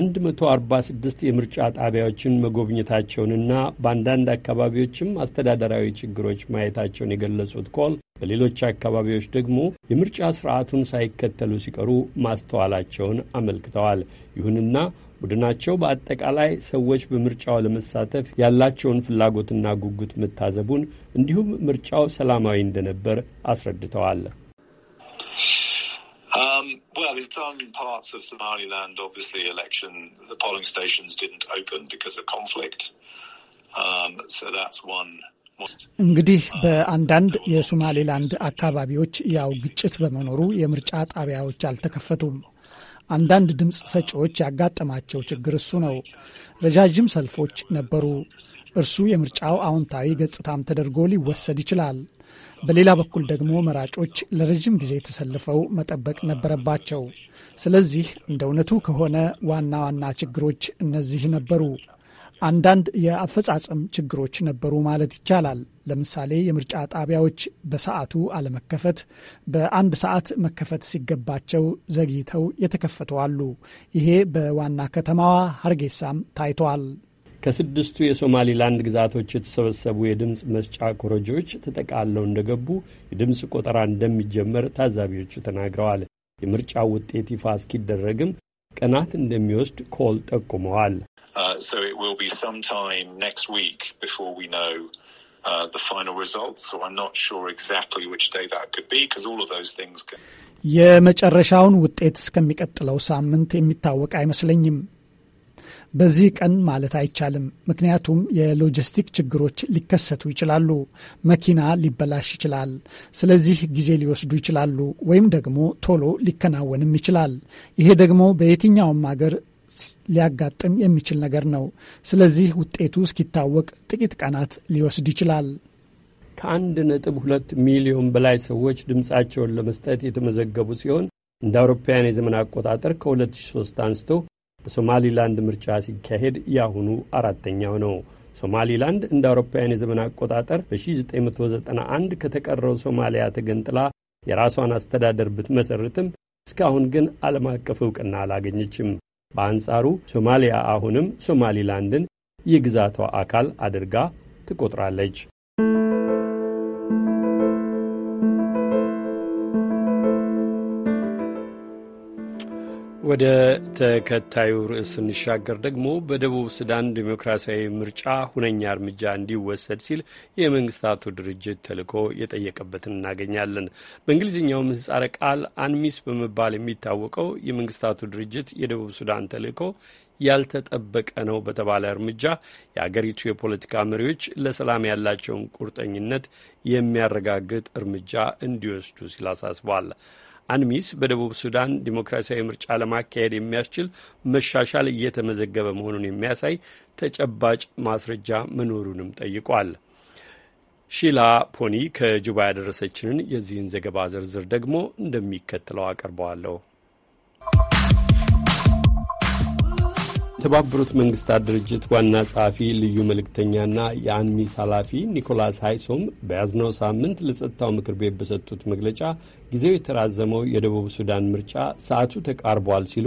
146 የምርጫ ጣቢያዎችን መጎብኘታቸውንና በአንዳንድ አካባቢዎችም አስተዳደራዊ ችግሮች ማየታቸውን የገለጹት ኮል በሌሎች አካባቢዎች ደግሞ የምርጫ ስርዓቱን ሳይከተሉ ሲቀሩ ማስተዋላቸውን አመልክተዋል። ይሁንና ቡድናቸው በአጠቃላይ ሰዎች በምርጫው ለመሳተፍ ያላቸውን ፍላጎትና ጉጉት መታዘቡን እንዲሁም ምርጫው ሰላማዊ እንደነበር አስረድተዋል። Um, well, in some parts of Somaliland, obviously, election the polling stations didn't open because of conflict. Um, so that's one. እንግዲህ um, በአንዳንድ የሶማሌላንድ አካባቢዎች ያው ግጭት በመኖሩ የምርጫ ጣቢያዎች አልተከፈቱም። አንዳንድ ድምፅ ሰጪዎች ያጋጠማቸው ችግር እሱ ነው። ረዣዥም ሰልፎች ነበሩ። እርሱ የምርጫው አዎንታዊ ገጽታም ተደርጎ ሊወሰድ ይችላል። በሌላ በኩል ደግሞ መራጮች ለረዥም ጊዜ ተሰልፈው መጠበቅ ነበረባቸው። ስለዚህ እንደ እውነቱ ከሆነ ዋና ዋና ችግሮች እነዚህ ነበሩ። አንዳንድ የአፈጻጸም ችግሮች ነበሩ ማለት ይቻላል። ለምሳሌ የምርጫ ጣቢያዎች በሰዓቱ አለመከፈት፣ በአንድ ሰዓት መከፈት ሲገባቸው ዘግይተው የተከፈቱ አሉ። ይሄ በዋና ከተማዋ ሀርጌሳም ታይቷል። ከስድስቱ የሶማሊላንድ ግዛቶች የተሰበሰቡ የድምፅ መስጫ ኮረጆዎች ተጠቃለው እንደገቡ የድምፅ ቆጠራ እንደሚጀመር ታዛቢዎቹ ተናግረዋል። የምርጫው ውጤት ይፋ እስኪደረግም ቀናት እንደሚወስድ ኮል ጠቁመዋል። uh, uh, የመጨረሻውን ውጤት እስከሚቀጥለው ሳምንት የሚታወቅ አይመስለኝም። በዚህ ቀን ማለት አይቻልም። ምክንያቱም የሎጂስቲክ ችግሮች ሊከሰቱ ይችላሉ። መኪና ሊበላሽ ይችላል። ስለዚህ ጊዜ ሊወስዱ ይችላሉ፣ ወይም ደግሞ ቶሎ ሊከናወንም ይችላል። ይሄ ደግሞ በየትኛውም ሀገር ሊያጋጥም የሚችል ነገር ነው። ስለዚህ ውጤቱ እስኪታወቅ ጥቂት ቀናት ሊወስድ ይችላል። ከአንድ ነጥብ ሁለት ሚሊዮን በላይ ሰዎች ድምፃቸውን ለመስጠት የተመዘገቡ ሲሆን እንደ አውሮፓውያን የዘመን አቆጣጠር ከ2003 አንስቶ በሶማሊላንድ ምርጫ ሲካሄድ ያሁኑ አራተኛው ነው። ሶማሊላንድ እንደ አውሮፓውያን የዘመን አቆጣጠር በ1991 ከተቀረው ሶማሊያ ተገንጥላ የራሷን አስተዳደር ብትመሰርትም እስካሁን ግን ዓለም አቀፍ እውቅና አላገኘችም። በአንጻሩ ሶማሊያ አሁንም ሶማሊላንድን የግዛቷ አካል አድርጋ ትቆጥራለች። ወደ ተከታዩ ርዕስ ስንሻገር ደግሞ በደቡብ ሱዳን ዴሞክራሲያዊ ምርጫ ሁነኛ እርምጃ እንዲወሰድ ሲል የመንግስታቱ ድርጅት ተልዕኮ የጠየቀበትን እናገኛለን። በእንግሊዝኛው ምህጻረ ቃል አንሚስ በመባል የሚታወቀው የመንግስታቱ ድርጅት የደቡብ ሱዳን ተልዕኮ ያልተጠበቀ ነው በተባለ እርምጃ የአገሪቱ የፖለቲካ መሪዎች ለሰላም ያላቸውን ቁርጠኝነት የሚያረጋግጥ እርምጃ እንዲወስዱ ሲል አሳስቧል። አንሚስ በደቡብ ሱዳን ዲሞክራሲያዊ ምርጫ ለማካሄድ የሚያስችል መሻሻል እየተመዘገበ መሆኑን የሚያሳይ ተጨባጭ ማስረጃ መኖሩንም ጠይቋል። ሺላ ፖኒ ከጁባ ያደረሰችንን የዚህን ዘገባ ዝርዝር ደግሞ እንደሚከተለው አቀርበዋለሁ። የተባበሩት መንግስታት ድርጅት ዋና ጸሐፊ ልዩ መልእክተኛና የአንሚስ ኃላፊ ኒኮላስ ሃይሶም በያዝነው ሳምንት ለጸጥታው ምክር ቤት በሰጡት መግለጫ ጊዜው የተራዘመው የደቡብ ሱዳን ምርጫ ሰዓቱ ተቃርቧል ሲሉ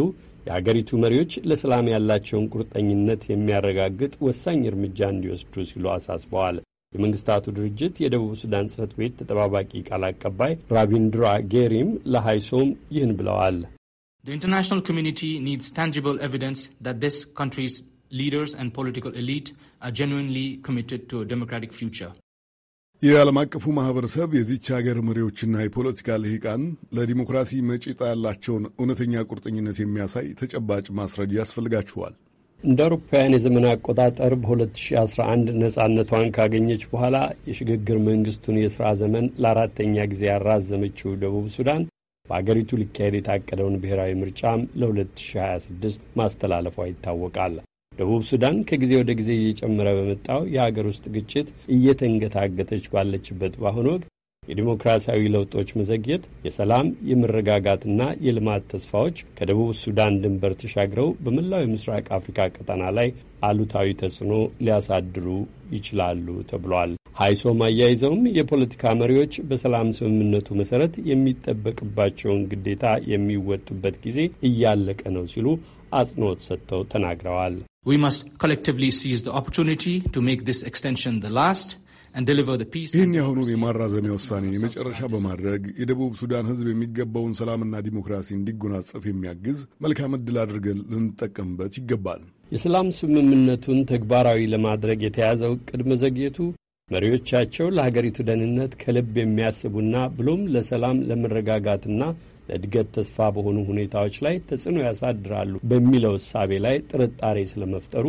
የአገሪቱ መሪዎች ለሰላም ያላቸውን ቁርጠኝነት የሚያረጋግጥ ወሳኝ እርምጃ እንዲወስዱ ሲሉ አሳስበዋል። የመንግስታቱ ድርጅት የደቡብ ሱዳን ጽህፈት ቤት ተጠባባቂ ቃል አቀባይ ራቢንድራ ጌሪም ለሃይሶም ይህን ብለዋል። The international community needs tangible evidence that this country's leaders and political elite are genuinely committed to a democratic future. የዓለም አቀፉ ማህበረሰብ የዚች ሀገር መሪዎችና የፖለቲካ ልሂቃን ለዲሞክራሲ መጪጣ ያላቸውን እውነተኛ ቁርጠኝነት የሚያሳይ ተጨባጭ ማስረጃ ያስፈልጋቸዋል። እንደ አውሮፓውያን የዘመን አቆጣጠር በ2011 ነጻነቷን ካገኘች በኋላ የሽግግር መንግስቱን የሥራ ዘመን ለአራተኛ ጊዜ ያራዘመችው ደቡብ ሱዳን በአገሪቱ ሊካሄድ የታቀደውን ብሔራዊ ምርጫም ለ2026 ማስተላለፏ ይታወቃል። ደቡብ ሱዳን ከጊዜ ወደ ጊዜ እየጨመረ በመጣው የሀገር ውስጥ ግጭት እየተንገታገተች ባለችበት በአሁኑ ወቅት የዲሞክራሲያዊ ለውጦች መዘግየት የሰላም የመረጋጋትና የልማት ተስፋዎች ከደቡብ ሱዳን ድንበር ተሻግረው በመላው የምስራቅ አፍሪካ ቀጠና ላይ አሉታዊ ተጽዕኖ ሊያሳድሩ ይችላሉ ተብሏል። ሀይሶም አያይዘውም የፖለቲካ መሪዎች በሰላም ስምምነቱ መሰረት የሚጠበቅባቸውን ግዴታ የሚወጡበት ጊዜ እያለቀ ነው ሲሉ አጽንኦት ሰጥተው ተናግረዋል። We must collectively seize the opportunity to make this extension the last ይህን ያሁኑን የማራዘሚያ ውሳኔ የመጨረሻ በማድረግ የደቡብ ሱዳን ሕዝብ የሚገባውን ሰላምና ዲሞክራሲ እንዲጎናጸፍ የሚያግዝ መልካም ዕድል አድርገን ልንጠቀምበት ይገባል። የሰላም ስምምነቱን ተግባራዊ ለማድረግ የተያዘው እቅድ መዘግየቱ መሪዎቻቸው ለሀገሪቱ ደህንነት ከልብ የሚያስቡና ብሎም ለሰላም ለመረጋጋትና ለእድገት ተስፋ በሆኑ ሁኔታዎች ላይ ተጽዕኖ ያሳድራሉ በሚለው እሳቤ ላይ ጥርጣሬ ስለመፍጠሩ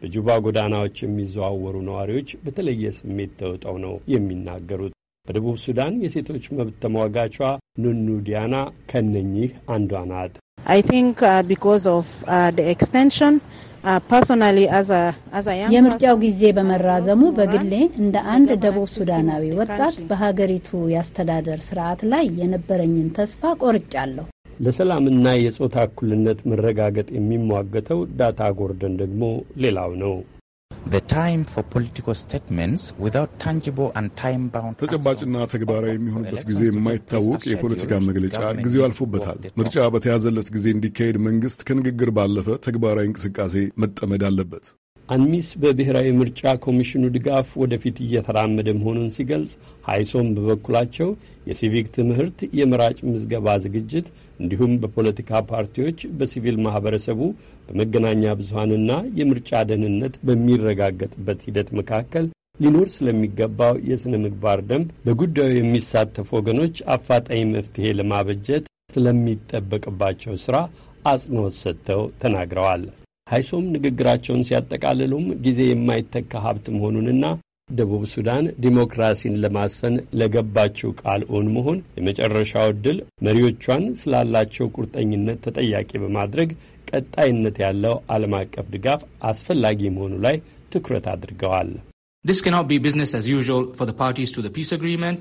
በጁባ ጎዳናዎች የሚዘዋወሩ ነዋሪዎች በተለየ ስሜት ተውጠው ነው የሚናገሩት። በደቡብ ሱዳን የሴቶች መብት ተሟጋቿ ኑኑ ዲያና ከነኚህ አንዷ ናት። uh, uh, uh, የምርጫው ጊዜ በመራዘሙ በግሌ እንደ አንድ ደቡብ ሱዳናዊ ወጣት በሀገሪቱ የአስተዳደር ስርዓት ላይ የነበረኝን ተስፋ ቆርጫለሁ። ለሰላምና የጾታ እኩልነት መረጋገጥ የሚሟገተው ዳታ ጎርደን ደግሞ ሌላው ነው። ተጨባጭና ተግባራዊ የሚሆንበት ጊዜ የማይታወቅ የፖለቲካ መግለጫ ጊዜው አልፎበታል። ምርጫ በተያዘለት ጊዜ እንዲካሄድ መንግስት ከንግግር ባለፈ ተግባራዊ እንቅስቃሴ መጠመድ አለበት። አንሚስ በብሔራዊ ምርጫ ኮሚሽኑ ድጋፍ ወደፊት እየተራመደ መሆኑን ሲገልጽ፣ ሀይሶም በበኩላቸው የሲቪክ ትምህርት፣ የመራጭ ምዝገባ ዝግጅት እንዲሁም በፖለቲካ ፓርቲዎች፣ በሲቪል ማህበረሰቡ፣ በመገናኛ ብዙሀንና የምርጫ ደህንነት በሚረጋገጥበት ሂደት መካከል ሊኖር ስለሚገባው የሥነ ምግባር ደንብ በጉዳዩ የሚሳተፉ ወገኖች አፋጣኝ መፍትሄ ለማበጀት ስለሚጠበቅባቸው ሥራ አጽንኦት ሰጥተው ተናግረዋል። ሀይሶም ንግግራቸውን ሲያጠቃልሉም ጊዜ የማይተካ ሀብት መሆኑንና ደቡብ ሱዳን ዲሞክራሲን ለማስፈን ለገባችው ቃል እውን መሆን የመጨረሻው ዕድል መሪዎቿን ስላላቸው ቁርጠኝነት ተጠያቂ በማድረግ ቀጣይነት ያለው ዓለም አቀፍ ድጋፍ አስፈላጊ መሆኑ ላይ ትኩረት አድርገዋል። This cannot be business as usual for the parties to the peace agreement.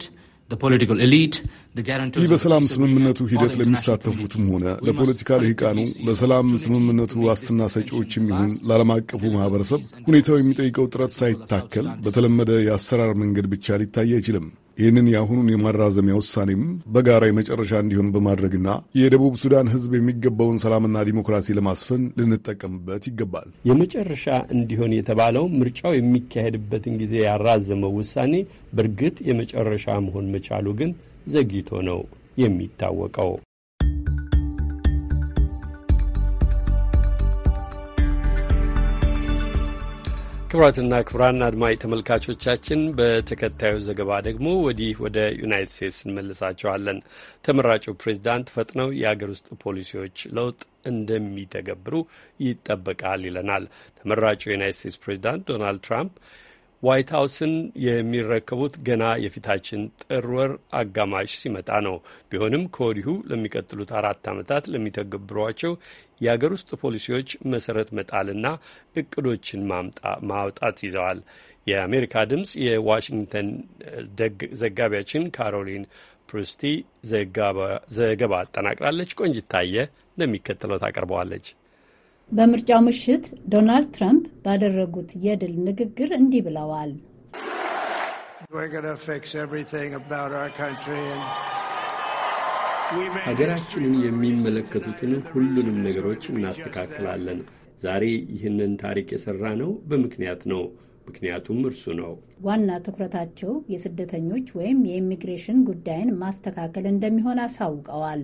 ይህ በሰላም ስምምነቱ ሂደት ለሚሳተፉትም ሆነ ለፖለቲካ ልሂቃኑ፣ ለሰላም ስምምነቱ ዋስትና ሰጪዎች የሚሆን ለዓለም አቀፉ ማህበረሰብ ሁኔታው የሚጠይቀው ጥረት ሳይታከል በተለመደ የአሰራር መንገድ ብቻ ሊታይ አይችልም። ይህንን የአሁኑን የማራዘሚያ ውሳኔም በጋራ የመጨረሻ እንዲሆን በማድረግና የደቡብ ሱዳን ሕዝብ የሚገባውን ሰላምና ዲሞክራሲ ለማስፈን ልንጠቀምበት ይገባል። የመጨረሻ እንዲሆን የተባለው ምርጫው የሚካሄድበትን ጊዜ ያራዘመው ውሳኔ በእርግጥ የመጨረሻ መሆን መቻሉ ግን ዘግይቶ ነው የሚታወቀው። ክቡራትና ክቡራን አድማጭ ተመልካቾቻችን በተከታዩ ዘገባ ደግሞ ወዲህ ወደ ዩናይት ስቴትስ እንመልሳቸዋለን። ተመራጩ ፕሬዚዳንት ፈጥነው የአገር ውስጥ ፖሊሲዎች ለውጥ እንደሚተገብሩ ይጠበቃል ይለናል። ተመራጩ የዩናይት ስቴትስ ፕሬዚዳንት ዶናልድ ትራምፕ ዋይት ሀውስን የሚረከቡት ገና የፊታችን ጥር ወር አጋማሽ ሲመጣ ነው። ቢሆንም ከወዲሁ ለሚቀጥሉት አራት ዓመታት ለሚተገብሯቸው የአገር ውስጥ ፖሊሲዎች መሰረት መጣልና እቅዶችን ማውጣት ይዘዋል። የአሜሪካ ድምፅ የዋሽንግተን ዘጋቢያችን ካሮሊን ፕሩስቲ ዘገባ አጠናቅራለች። ቆንጅታየ እንደሚከተለው ታቀርበዋለች። በምርጫው ምሽት ዶናልድ ትራምፕ ባደረጉት የድል ንግግር እንዲህ ብለዋል። ሀገራችንን የሚመለከቱትን ሁሉንም ነገሮች እናስተካክላለን። ዛሬ ይህንን ታሪክ የሰራ ነው በምክንያት ነው። ምክንያቱም እርሱ ነው። ዋና ትኩረታቸው የስደተኞች ወይም የኢሚግሬሽን ጉዳይን ማስተካከል እንደሚሆን አሳውቀዋል።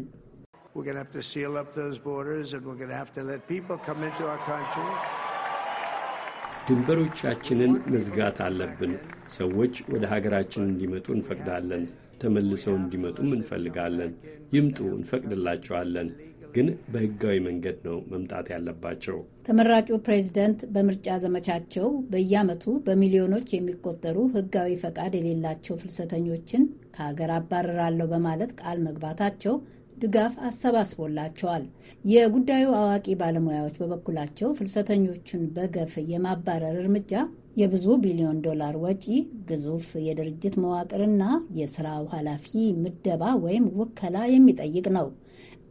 ድንበሮቻችንን መዝጋት አለብን። ሰዎች ወደ ሀገራችን እንዲመጡ እንፈቅዳለን። ተመልሰው እንዲመጡም እንፈልጋለን። ይምጡ፣ እንፈቅድላቸዋለን። ግን በህጋዊ መንገድ ነው መምጣት ያለባቸው። ተመራጩ ፕሬዚደንት በምርጫ ዘመቻቸው በየዓመቱ በሚሊዮኖች የሚቆጠሩ ህጋዊ ፈቃድ የሌላቸው ፍልሰተኞችን ከሀገር አባረራለሁ በማለት ቃል መግባታቸው ድጋፍ አሰባስቦላቸዋል። የጉዳዩ አዋቂ ባለሙያዎች በበኩላቸው ፍልሰተኞቹን በገፍ የማባረር እርምጃ የብዙ ቢሊዮን ዶላር ወጪ፣ ግዙፍ የድርጅት መዋቅርና የስራው ኃላፊ ምደባ ወይም ውከላ የሚጠይቅ ነው።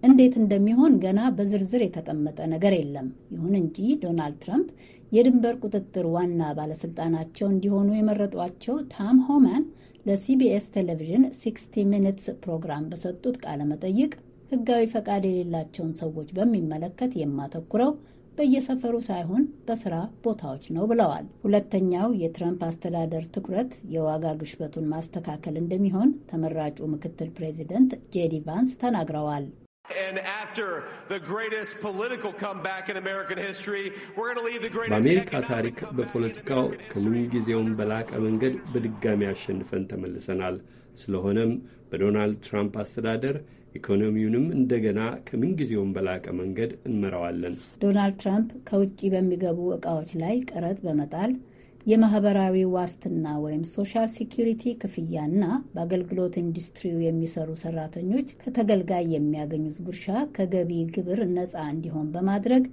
እንዴት እንደሚሆን ገና በዝርዝር የተቀመጠ ነገር የለም። ይሁን እንጂ ዶናልድ ትራምፕ የድንበር ቁጥጥር ዋና ባለስልጣናቸው እንዲሆኑ የመረጧቸው ታም ሆማን ለሲቢኤስ ቴሌቪዥን 60 ሚኒትስ ፕሮግራም በሰጡት ቃለ መጠይቅ ሕጋዊ ፈቃድ የሌላቸውን ሰዎች በሚመለከት የማተኩረው በየሰፈሩ ሳይሆን በስራ ቦታዎች ነው ብለዋል። ሁለተኛው የትራምፕ አስተዳደር ትኩረት የዋጋ ግሽበቱን ማስተካከል እንደሚሆን ተመራጩ ምክትል ፕሬዚደንት ጄዲ ቫንስ ተናግረዋል። በአሜሪካ ታሪክ በፖለቲካው ከምን ጊዜውን በላቀ መንገድ በድጋሚ አሸንፈን ተመልሰናል። ስለሆነም በዶናልድ ትራምፕ አስተዳደር ኢኮኖሚውንም እንደገና ከምንጊዜውም በላቀ መንገድ እንመራዋለን። ዶናልድ ትራምፕ ከውጭ በሚገቡ እቃዎች ላይ ቀረጥ በመጣል የማህበራዊ ዋስትና ወይም ሶሻል ሲኪሪቲ ክፍያና በአገልግሎት ኢንዱስትሪው የሚሰሩ ሰራተኞች ከተገልጋይ የሚያገኙት ጉርሻ ከገቢ ግብር ነፃ እንዲሆን በማድረግ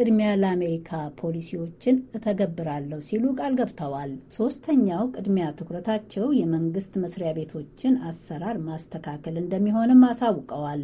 ቅድሚያ ለአሜሪካ ፖሊሲዎችን እተገብራለሁ ሲሉ ቃል ገብተዋል። ሶስተኛው ቅድሚያ ትኩረታቸው የመንግስት መስሪያ ቤቶችን አሰራር ማስተካከል እንደሚሆንም አሳውቀዋል።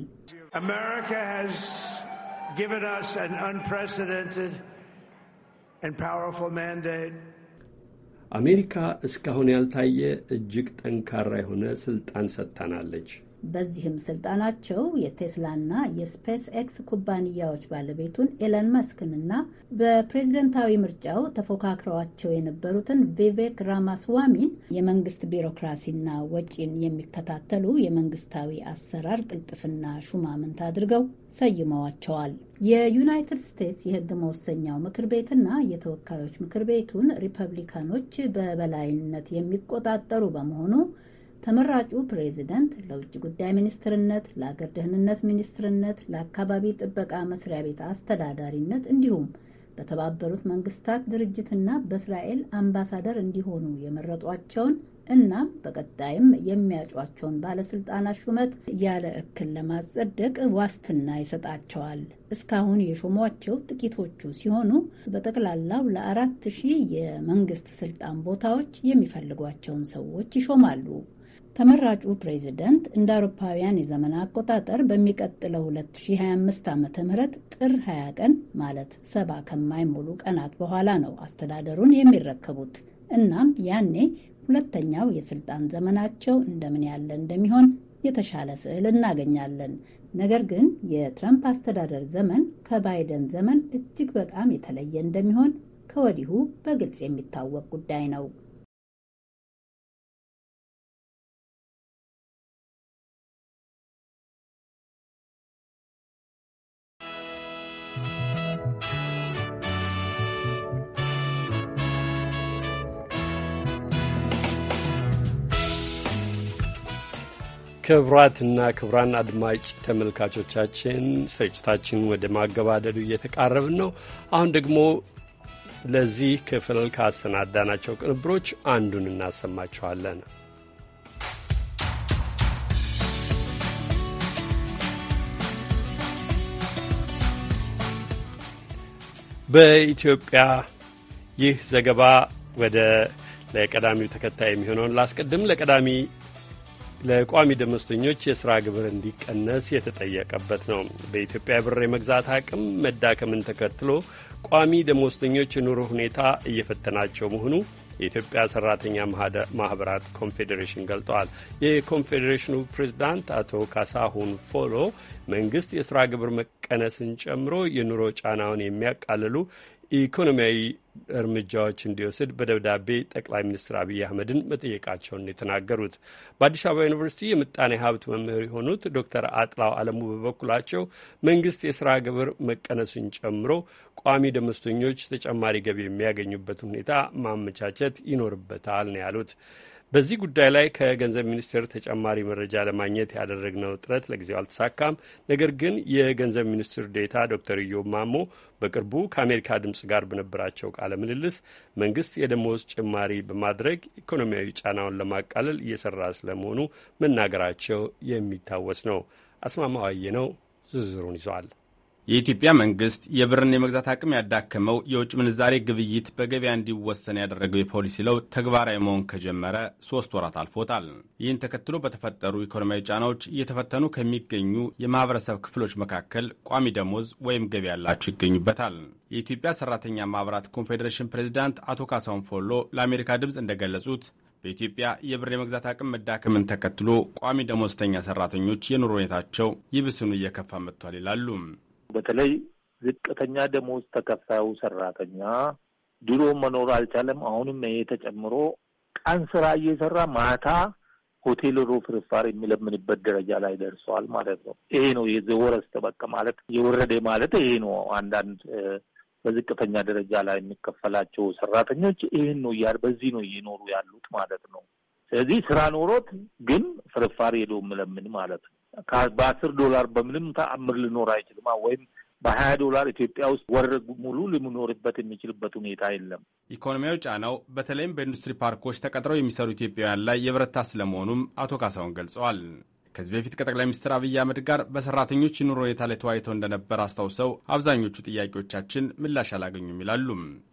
አሜሪካ እስካሁን ያልታየ እጅግ ጠንካራ የሆነ ስልጣን ሰጥታናለች። በዚህም ስልጣናቸው የቴስላና የስፔስ ኤክስ ኩባንያዎች ባለቤቱን ኤለን መስክንና በፕሬዝደንታዊ ምርጫው ተፎካክረዋቸው የነበሩትን ቪቬክ ራማስዋሚን የመንግስት ቢሮክራሲና ወጪን የሚከታተሉ የመንግስታዊ አሰራር ቅልጥፍና ሹማምንት አድርገው ሰይመዋቸዋል። የዩናይትድ ስቴትስ የህግ መወሰኛው ምክር ቤትና የተወካዮች ምክር ቤቱን ሪፐብሊካኖች በበላይነት የሚቆጣጠሩ በመሆኑ ተመራጩ ፕሬዚደንት ለውጭ ጉዳይ ሚኒስትርነት፣ ለአገር ደህንነት ሚኒስትርነት፣ ለአካባቢ ጥበቃ መስሪያ ቤት አስተዳዳሪነት እንዲሁም በተባበሩት መንግስታት ድርጅትና በእስራኤል አምባሳደር እንዲሆኑ የመረጧቸውን እናም በቀጣይም የሚያጯቸውን ባለስልጣናት ሹመት ያለ እክል ለማጸደቅ ዋስትና ይሰጣቸዋል። እስካሁን የሾሟቸው ጥቂቶቹ ሲሆኑ በጠቅላላው ለአራት ሺህ የመንግስት ስልጣን ቦታዎች የሚፈልጓቸውን ሰዎች ይሾማሉ። ተመራጩ ፕሬዚደንት እንደ አውሮፓውያን የዘመን አቆጣጠር በሚቀጥለው 2025 ዓ ም ጥር 20 ቀን ማለት ሰባ ከማይሞሉ ቀናት በኋላ ነው አስተዳደሩን የሚረከቡት። እናም ያኔ ሁለተኛው የስልጣን ዘመናቸው እንደምን ያለ እንደሚሆን የተሻለ ስዕል እናገኛለን። ነገር ግን የትራምፕ አስተዳደር ዘመን ከባይደን ዘመን እጅግ በጣም የተለየ እንደሚሆን ከወዲሁ በግልጽ የሚታወቅ ጉዳይ ነው። ክቡራትና ክቡራን አድማጭ ተመልካቾቻችን ስርጭታችን ወደ ማገባደዱ እየተቃረብን ነው። አሁን ደግሞ ለዚህ ክፍል ካሰናዳናቸው ቅንብሮች አንዱን እናሰማችኋለን። በኢትዮጵያ ይህ ዘገባ ወደ ለቀዳሚው ተከታይ የሚሆነውን ላስቀድም። ለቀዳሚ ለቋሚ ደመወዝተኞች የሥራ ግብር እንዲቀነስ የተጠየቀበት ነው። በኢትዮጵያ ብር የመግዛት አቅም መዳከምን ተከትሎ ቋሚ ደመወዝተኞች የኑሮ ሁኔታ እየፈተናቸው መሆኑ የኢትዮጵያ ሰራተኛ ማህበራት ኮንፌዴሬሽን ገልጠዋል። የኮንፌዴሬሽኑ ፕሬዚዳንት አቶ ካሳሁን ፎሎ መንግስት የስራ ግብር መቀነስን ጨምሮ የኑሮ ጫናውን የሚያቃልሉ ኢኮኖሚያዊ እርምጃዎች እንዲወስድ በደብዳቤ ጠቅላይ ሚኒስትር አብይ አህመድን መጠየቃቸውን የተናገሩት በአዲስ አበባ ዩኒቨርሲቲ የምጣኔ ሀብት መምህር የሆኑት ዶክተር አጥላው አለሙ በበኩላቸው መንግስት የስራ ግብር መቀነሱን ጨምሮ ቋሚ ደመወዝተኞች ተጨማሪ ገቢ የሚያገኙበትን ሁኔታ ማመቻቸት ይኖርበታል ነው ያሉት። በዚህ ጉዳይ ላይ ከገንዘብ ሚኒስቴር ተጨማሪ መረጃ ለማግኘት ያደረግነው ጥረት ለጊዜው አልተሳካም። ነገር ግን የገንዘብ ሚኒስትር ዴታ ዶክተር ኢዮብ ማሞ በቅርቡ ከአሜሪካ ድምጽ ጋር በነበራቸው ቃለ ምልልስ መንግስት የደሞዝ ጭማሪ በማድረግ ኢኮኖሚያዊ ጫናውን ለማቃለል እየሰራ ስለመሆኑ መናገራቸው የሚታወስ ነው። አስማማው አየ ነው ዝርዝሩን ይዘዋል። የኢትዮጵያ መንግስት የብርን የመግዛት አቅም ያዳከመው የውጭ ምንዛሬ ግብይት በገበያ እንዲወሰን ያደረገው የፖሊሲ ለውጥ ተግባራዊ መሆን ከጀመረ ሶስት ወራት አልፎታል። ይህን ተከትሎ በተፈጠሩ ኢኮኖሚያዊ ጫናዎች እየተፈተኑ ከሚገኙ የማህበረሰብ ክፍሎች መካከል ቋሚ ደሞዝ ወይም ገቢ ያላቸው ይገኙበታል። የኢትዮጵያ ሰራተኛ ማህበራት ኮንፌዴሬሽን ፕሬዚዳንት አቶ ካሳሁን ፎሎ ለአሜሪካ ድምፅ እንደገለጹት በኢትዮጵያ የብር የመግዛት አቅም መዳከምን ተከትሎ ቋሚ ደሞዝተኛ ሰራተኞች የኑሮ ሁኔታቸው ይብስኑ እየከፋ መጥቷል ይላሉ። በተለይ ዝቅተኛ ደሞዝ ተከፋዩ ሰራተኛ ድሮ መኖር አልቻለም። አሁንም ይሄ ተጨምሮ ቀን ስራ እየሰራ ማታ ሆቴል ሮ ፍርፋር የሚለምንበት ደረጃ ላይ ደርሰዋል ማለት ነው። ይሄ ነው የወረስተ በቃ ማለት የወረደ ማለት ይሄ ነው። አንዳንድ በዝቅተኛ ደረጃ ላይ የሚከፈላቸው ሰራተኞች ይህን ነው እያ በዚህ ነው እየኖሩ ያሉት ማለት ነው። ስለዚህ ስራ ኖሮት ግን ፍርፋር ሄዶ የሚለምን ማለት ነው። በአስር ዶላር በምንም ተአምር ልኖር አይችልም ወይም በሀያ ዶላር ኢትዮጵያ ውስጥ ወር ሙሉ ልምኖርበት የሚችልበት ሁኔታ የለም። ኢኮኖሚያዊ ጫናው በተለይም በኢንዱስትሪ ፓርኮች ተቀጥረው የሚሰሩ ኢትዮጵያውያን ላይ የበረታ ስለመሆኑም አቶ ካሳሁን ገልጸዋል። ከዚህ በፊት ከጠቅላይ ሚኒስትር አብይ አህመድ ጋር በሰራተኞች የኑሮ ሁኔታ ላይ ተወያይተው እንደነበር አስታውሰው አብዛኞቹ ጥያቄዎቻችን ምላሽ አላገኙም ይላሉ።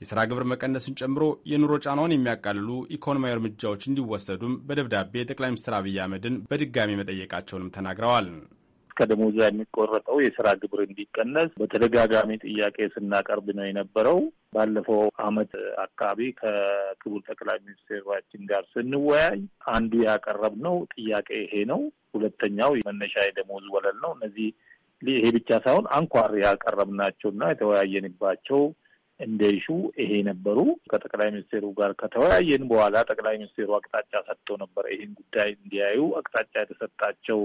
የሥራ ግብር መቀነስን ጨምሮ የኑሮ ጫናውን የሚያቃልሉ ኢኮኖሚያዊ እርምጃዎች እንዲወሰዱም በደብዳቤ ጠቅላይ ሚኒስትር አብይ አህመድን በድጋሚ መጠየቃቸውንም ተናግረዋል። ከደሞዝ የሚቆረጠው የስራ ግብር እንዲቀነስ በተደጋጋሚ ጥያቄ ስናቀርብ ነው የነበረው። ባለፈው አመት አካባቢ ከክቡር ጠቅላይ ሚኒስትራችን ጋር ስንወያይ አንዱ ያቀረብነው ጥያቄ ይሄ ነው። ሁለተኛው መነሻ የደሞዝ ወለል ነው። እነዚህ ይሄ ብቻ ሳይሆን አንኳር ያቀረብናቸው እና የተወያየንባቸው እንደ ይሹ ይሄ ነበሩ። ከጠቅላይ ሚኒስቴሩ ጋር ከተወያየን በኋላ ጠቅላይ ሚኒስቴሩ አቅጣጫ ሰጥቶ ነበር። ይህን ጉዳይ እንዲያዩ አቅጣጫ የተሰጣቸው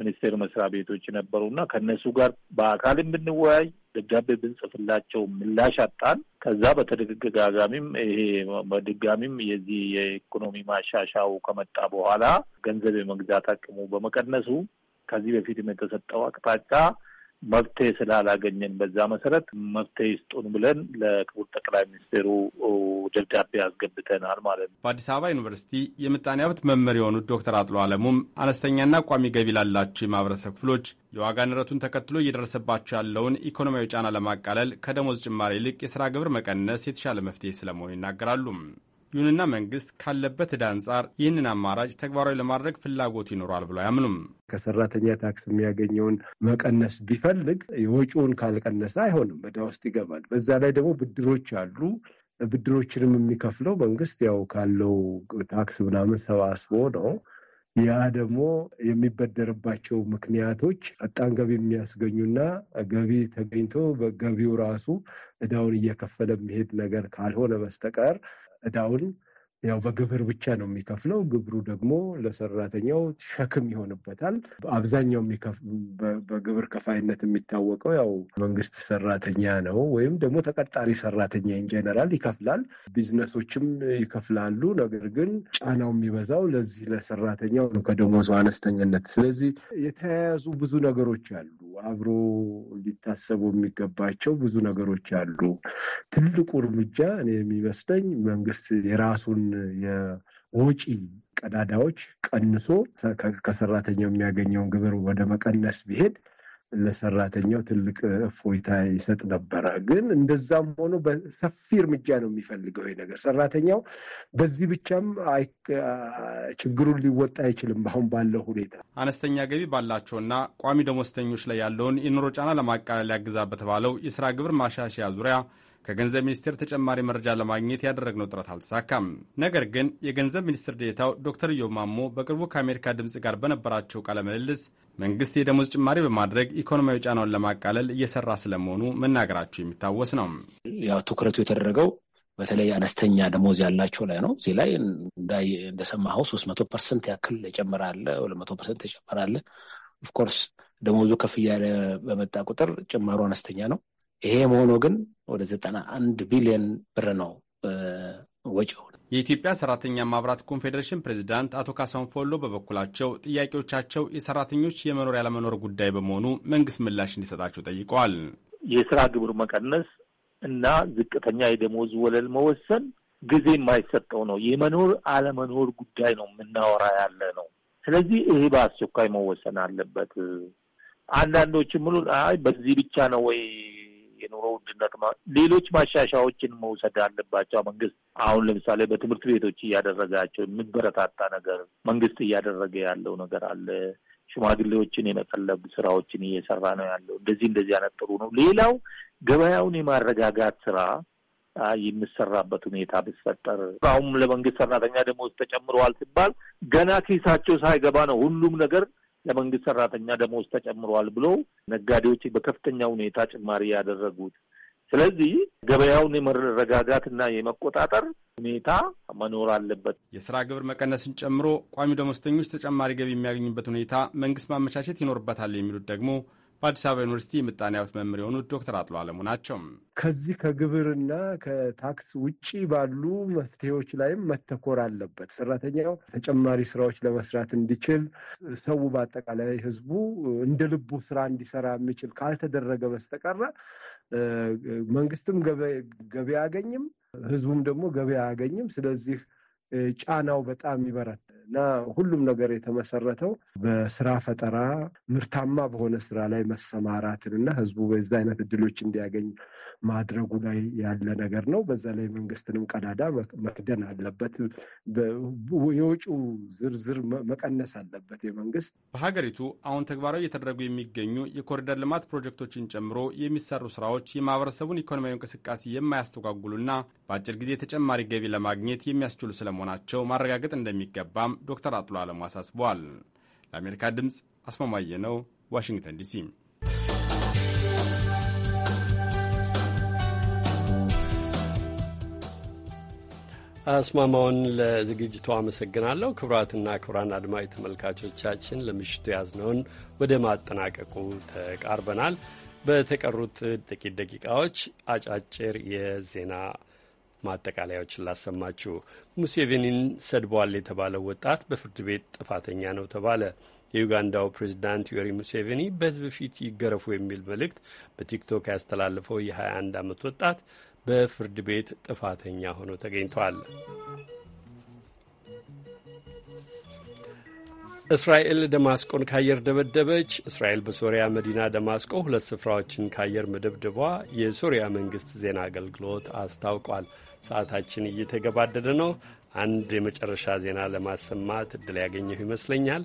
ሚኒስቴር መስሪያ ቤቶች ነበሩ እና ከእነሱ ጋር በአካል ብንወያይ ደብዳቤ ብንጽፍላቸው ምላሽ አጣን። ከዛ በተደጋጋሚም ይሄ በድጋሚም የዚህ የኢኮኖሚ ማሻሻው ከመጣ በኋላ ገንዘብ የመግዛት አቅሙ በመቀነሱ ከዚህ በፊትም የተሰጠው አቅጣጫ መፍትሄ ስላላገኘን በዛ መሰረት መፍትሄ ይስጡን ብለን ለክቡር ጠቅላይ ሚኒስትሩ ደብዳቤ አስገብተናል ማለት ነው። በአዲስ አበባ ዩኒቨርሲቲ የምጣኔ ሀብት መምህር የሆኑት ዶክተር አጥሎ አለሙም አነስተኛና ቋሚ ገቢ ላላቸው የማህበረሰብ ክፍሎች የዋጋ ንረቱን ተከትሎ እየደረሰባቸው ያለውን ኢኮኖሚያዊ ጫና ለማቃለል ከደሞዝ ጭማሪ ይልቅ የስራ ግብር መቀነስ የተሻለ መፍትሄ ስለመሆኑ ይናገራሉ። ይሁንና መንግስት ካለበት ዕዳ አንጻር ይህንን አማራጭ ተግባራዊ ለማድረግ ፍላጎት ይኖሯል ብሎ አያምኑም። ከሰራተኛ ታክስ የሚያገኘውን መቀነስ ቢፈልግ የወጪውን ካልቀነሰ አይሆንም፣ ዕዳ ውስጥ ይገባል። በዛ ላይ ደግሞ ብድሮች አሉ። ብድሮችንም የሚከፍለው መንግስት ያው ካለው ታክስ ምናምን ሰባስቦ ነው። ያ ደግሞ የሚበደርባቸው ምክንያቶች ፈጣን ገቢ የሚያስገኙና ገቢ ተገኝቶ በገቢው ራሱ እዳውን እየከፈለ የሚሄድ ነገር ካልሆነ በስተቀር Dowd. ያው በግብር ብቻ ነው የሚከፍለው። ግብሩ ደግሞ ለሰራተኛው ሸክም ይሆንበታል። አብዛኛው በግብር ከፋይነት የሚታወቀው ያው መንግስት ሰራተኛ ነው፣ ወይም ደግሞ ተቀጣሪ ሰራተኛ ኢንጀነራል ይከፍላል። ቢዝነሶችም ይከፍላሉ። ነገር ግን ጫናው የሚበዛው ለዚህ ለሰራተኛው ነው ከደሞዙ አነስተኝነት። ስለዚህ የተያያዙ ብዙ ነገሮች አሉ፣ አብሮ ሊታሰቡ የሚገባቸው ብዙ ነገሮች አሉ። ትልቁ እርምጃ እኔ የሚመስለኝ መንግስት የራሱን የወጪ ቀዳዳዎች ቀንሶ ከሰራተኛው የሚያገኘውን ግብር ወደ መቀነስ ቢሄድ ለሰራተኛው ትልቅ እፎይታ ይሰጥ ነበረ። ግን እንደዛም ሆኖ በሰፊ እርምጃ ነው የሚፈልገው ይህ ነገር። ሰራተኛው በዚህ ብቻም ችግሩን ሊወጣ አይችልም። አሁን ባለው ሁኔታ አነስተኛ ገቢ ባላቸውና ቋሚ ደሞዝተኞች ላይ ያለውን የኑሮ ጫና ለማቃለል ያግዛ በተባለው የስራ ግብር ማሻሻያ ዙሪያ ከገንዘብ ሚኒስቴር ተጨማሪ መረጃ ለማግኘት ያደረግነው ጥረት አልተሳካም። ነገር ግን የገንዘብ ሚኒስትር ዴታው ዶክተር ዮ ማሞ በቅርቡ ከአሜሪካ ድምፅ ጋር በነበራቸው ቃለ ምልልስ መንግስት የደሞዝ ጭማሪ በማድረግ ኢኮኖሚያዊ ጫናውን ለማቃለል እየሰራ ስለመሆኑ መናገራቸው የሚታወስ ነው። ያ ትኩረቱ የተደረገው በተለይ አነስተኛ ደሞዝ ያላቸው ላይ ነው። እዚህ ላይ እንደሰማኸው ሶስት መቶ ፐርሰንት ያክል ጨምራለ፣ ሁለት መቶ ፐርሰንት ተጨምራለ። ኦፍኮርስ ደሞዙ ከፍ እያለ በመጣ ቁጥር ጭማሩ አነስተኛ ነው። ይሄ መሆኖ ግን ወደ ዘጠና አንድ ቢሊዮን ብር ነው ወጪው። የኢትዮጵያ ሰራተኛ ማብራት ኮንፌዴሬሽን ፕሬዚዳንት አቶ ካሳሁን ፎሎ በበኩላቸው ጥያቄዎቻቸው የሰራተኞች የመኖር ያለመኖር ጉዳይ በመሆኑ መንግስት ምላሽ እንዲሰጣቸው ጠይቀዋል። የስራ ግብር መቀነስ እና ዝቅተኛ የደሞዝ ወለል መወሰን ጊዜ የማይሰጠው ነው። የመኖር አለመኖር ጉዳይ ነው የምናወራ ያለ ነው። ስለዚህ ይሄ በአስቸኳይ መወሰን አለበት። አንዳንዶች ምሉ አይ በዚህ ብቻ ነው ወይ የኑሮ ውድነት፣ ሌሎች ማሻሻዎችን መውሰድ አለባቸው። መንግስት አሁን ለምሳሌ በትምህርት ቤቶች እያደረጋቸው የሚበረታታ ነገር መንግስት እያደረገ ያለው ነገር አለ። ሽማግሌዎችን የመቀለብ ስራዎችን እየሰራ ነው ያለው። እንደዚህ እንደዚህ አይነት ጥሩ ነው። ሌላው ገበያውን የማረጋጋት ስራ የሚሰራበት ሁኔታ ቢፈጠር። አሁን ለመንግስት ሰራተኛ ደግሞ ተጨምረዋል ሲባል ገና ኪሳቸው ሳይገባ ነው ሁሉም ነገር ለመንግስት ሰራተኛ ደሞዝ ተጨምሯል ብሎ ነጋዴዎች በከፍተኛ ሁኔታ ጭማሪ ያደረጉት። ስለዚህ ገበያውን የመረጋጋትና የመቆጣጠር ሁኔታ መኖር አለበት። የስራ ግብር መቀነስን ጨምሮ ቋሚ ደሞዝተኞች ተጨማሪ ገቢ የሚያገኙበት ሁኔታ መንግስት ማመቻቸት ይኖርበታል የሚሉት ደግሞ በአዲስ አበባ ዩኒቨርሲቲ የምጣኔ ሀብት መምህር የሆኑት ዶክተር አጥሎ አለሙ ናቸው። ከዚህ ከግብርና ከታክስ ውጪ ባሉ መፍትሄዎች ላይም መተኮር አለበት። ሰራተኛው ተጨማሪ ስራዎች ለመስራት እንዲችል፣ ሰው በአጠቃላይ ህዝቡ እንደ ልቡ ስራ እንዲሰራ የሚችል ካልተደረገ በስተቀረ መንግስትም ገቢ አያገኝም፣ ህዝቡም ደግሞ ገቢ አያገኝም። ስለዚህ ጫናው በጣም ይበረታል እና ሁሉም ነገር የተመሰረተው በስራ ፈጠራ ምርታማ በሆነ ስራ ላይ መሰማራትን እና ህዝቡ በዛ አይነት እድሎች እንዲያገኝ ማድረጉ ላይ ያለ ነገር ነው። በዛ ላይ መንግስትንም ቀዳዳ መክደን አለበት። የውጪው ዝርዝር መቀነስ አለበት የመንግስት በሀገሪቱ አሁን ተግባራዊ እየተደረጉ የሚገኙ የኮሪደር ልማት ፕሮጀክቶችን ጨምሮ የሚሰሩ ስራዎች የማህበረሰቡን ኢኮኖሚያዊ እንቅስቃሴ የማያስተጓጉሉና በአጭር ጊዜ ተጨማሪ ገቢ ለማግኘት የሚያስችሉ ስለ ስለመሆናቸው ማረጋገጥ እንደሚገባም ዶክተር አጥሎ አለሙ አሳስበዋል። ለአሜሪካ ድምፅ አስማማየ ነው፣ ዋሽንግተን ዲሲ። አስማማውን ለዝግጅቱ አመሰግናለሁ። ክቡራትና ክቡራን አድማጭ ተመልካቾቻችን ለምሽቱ ያዝነውን ወደ ማጠናቀቁ ተቃርበናል። በተቀሩት ጥቂት ደቂቃዎች አጫጭር የዜና ማጠቃለያዎችን ላሰማችሁ። ሙሴቬኒን ሰድቧል የተባለው ወጣት በፍርድ ቤት ጥፋተኛ ነው ተባለ። የዩጋንዳው ፕሬዚዳንት ዮሪ ሙሴቬኒ በህዝብ ፊት ይገረፉ የሚል መልእክት በቲክቶክ ያስተላለፈው የ21 ዓመት ወጣት በፍርድ ቤት ጥፋተኛ ሆኖ ተገኝተዋል። እስራኤል ደማስቆን ከአየር ደበደበች። እስራኤል በሶሪያ መዲና ደማስቆ ሁለት ስፍራዎችን ከአየር መደብደቧ የሶሪያ መንግስት ዜና አገልግሎት አስታውቋል። ሰዓታችን እየተገባደደ ነው። አንድ የመጨረሻ ዜና ለማሰማት እድል ያገኘሁ ይመስለኛል።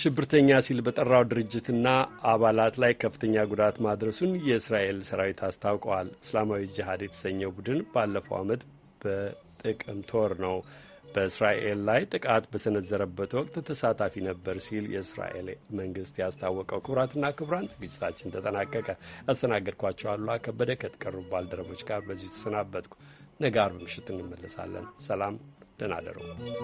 ሽብርተኛ ሲል በጠራው ድርጅትና አባላት ላይ ከፍተኛ ጉዳት ማድረሱን የእስራኤል ሰራዊት አስታውቀዋል። እስላማዊ ጅሃድ የተሰኘው ቡድን ባለፈው ዓመት በጥቅምት ወር ነው በእስራኤል ላይ ጥቃት በሰነዘረበት ወቅት ተሳታፊ ነበር ሲል የእስራኤል መንግስት ያስታወቀው። ክቡራትና ክቡራን ዝግጅታችን ተጠናቀቀ። ያስተናገድኳቸው አሉ ከበደ ከተቀሩ ባልደረቦች ጋር በዚሁ ተሰናበትኩ። ነገ አርብ ምሽት እንመለሳለን። ሰላም፣ ደህና እደሩ።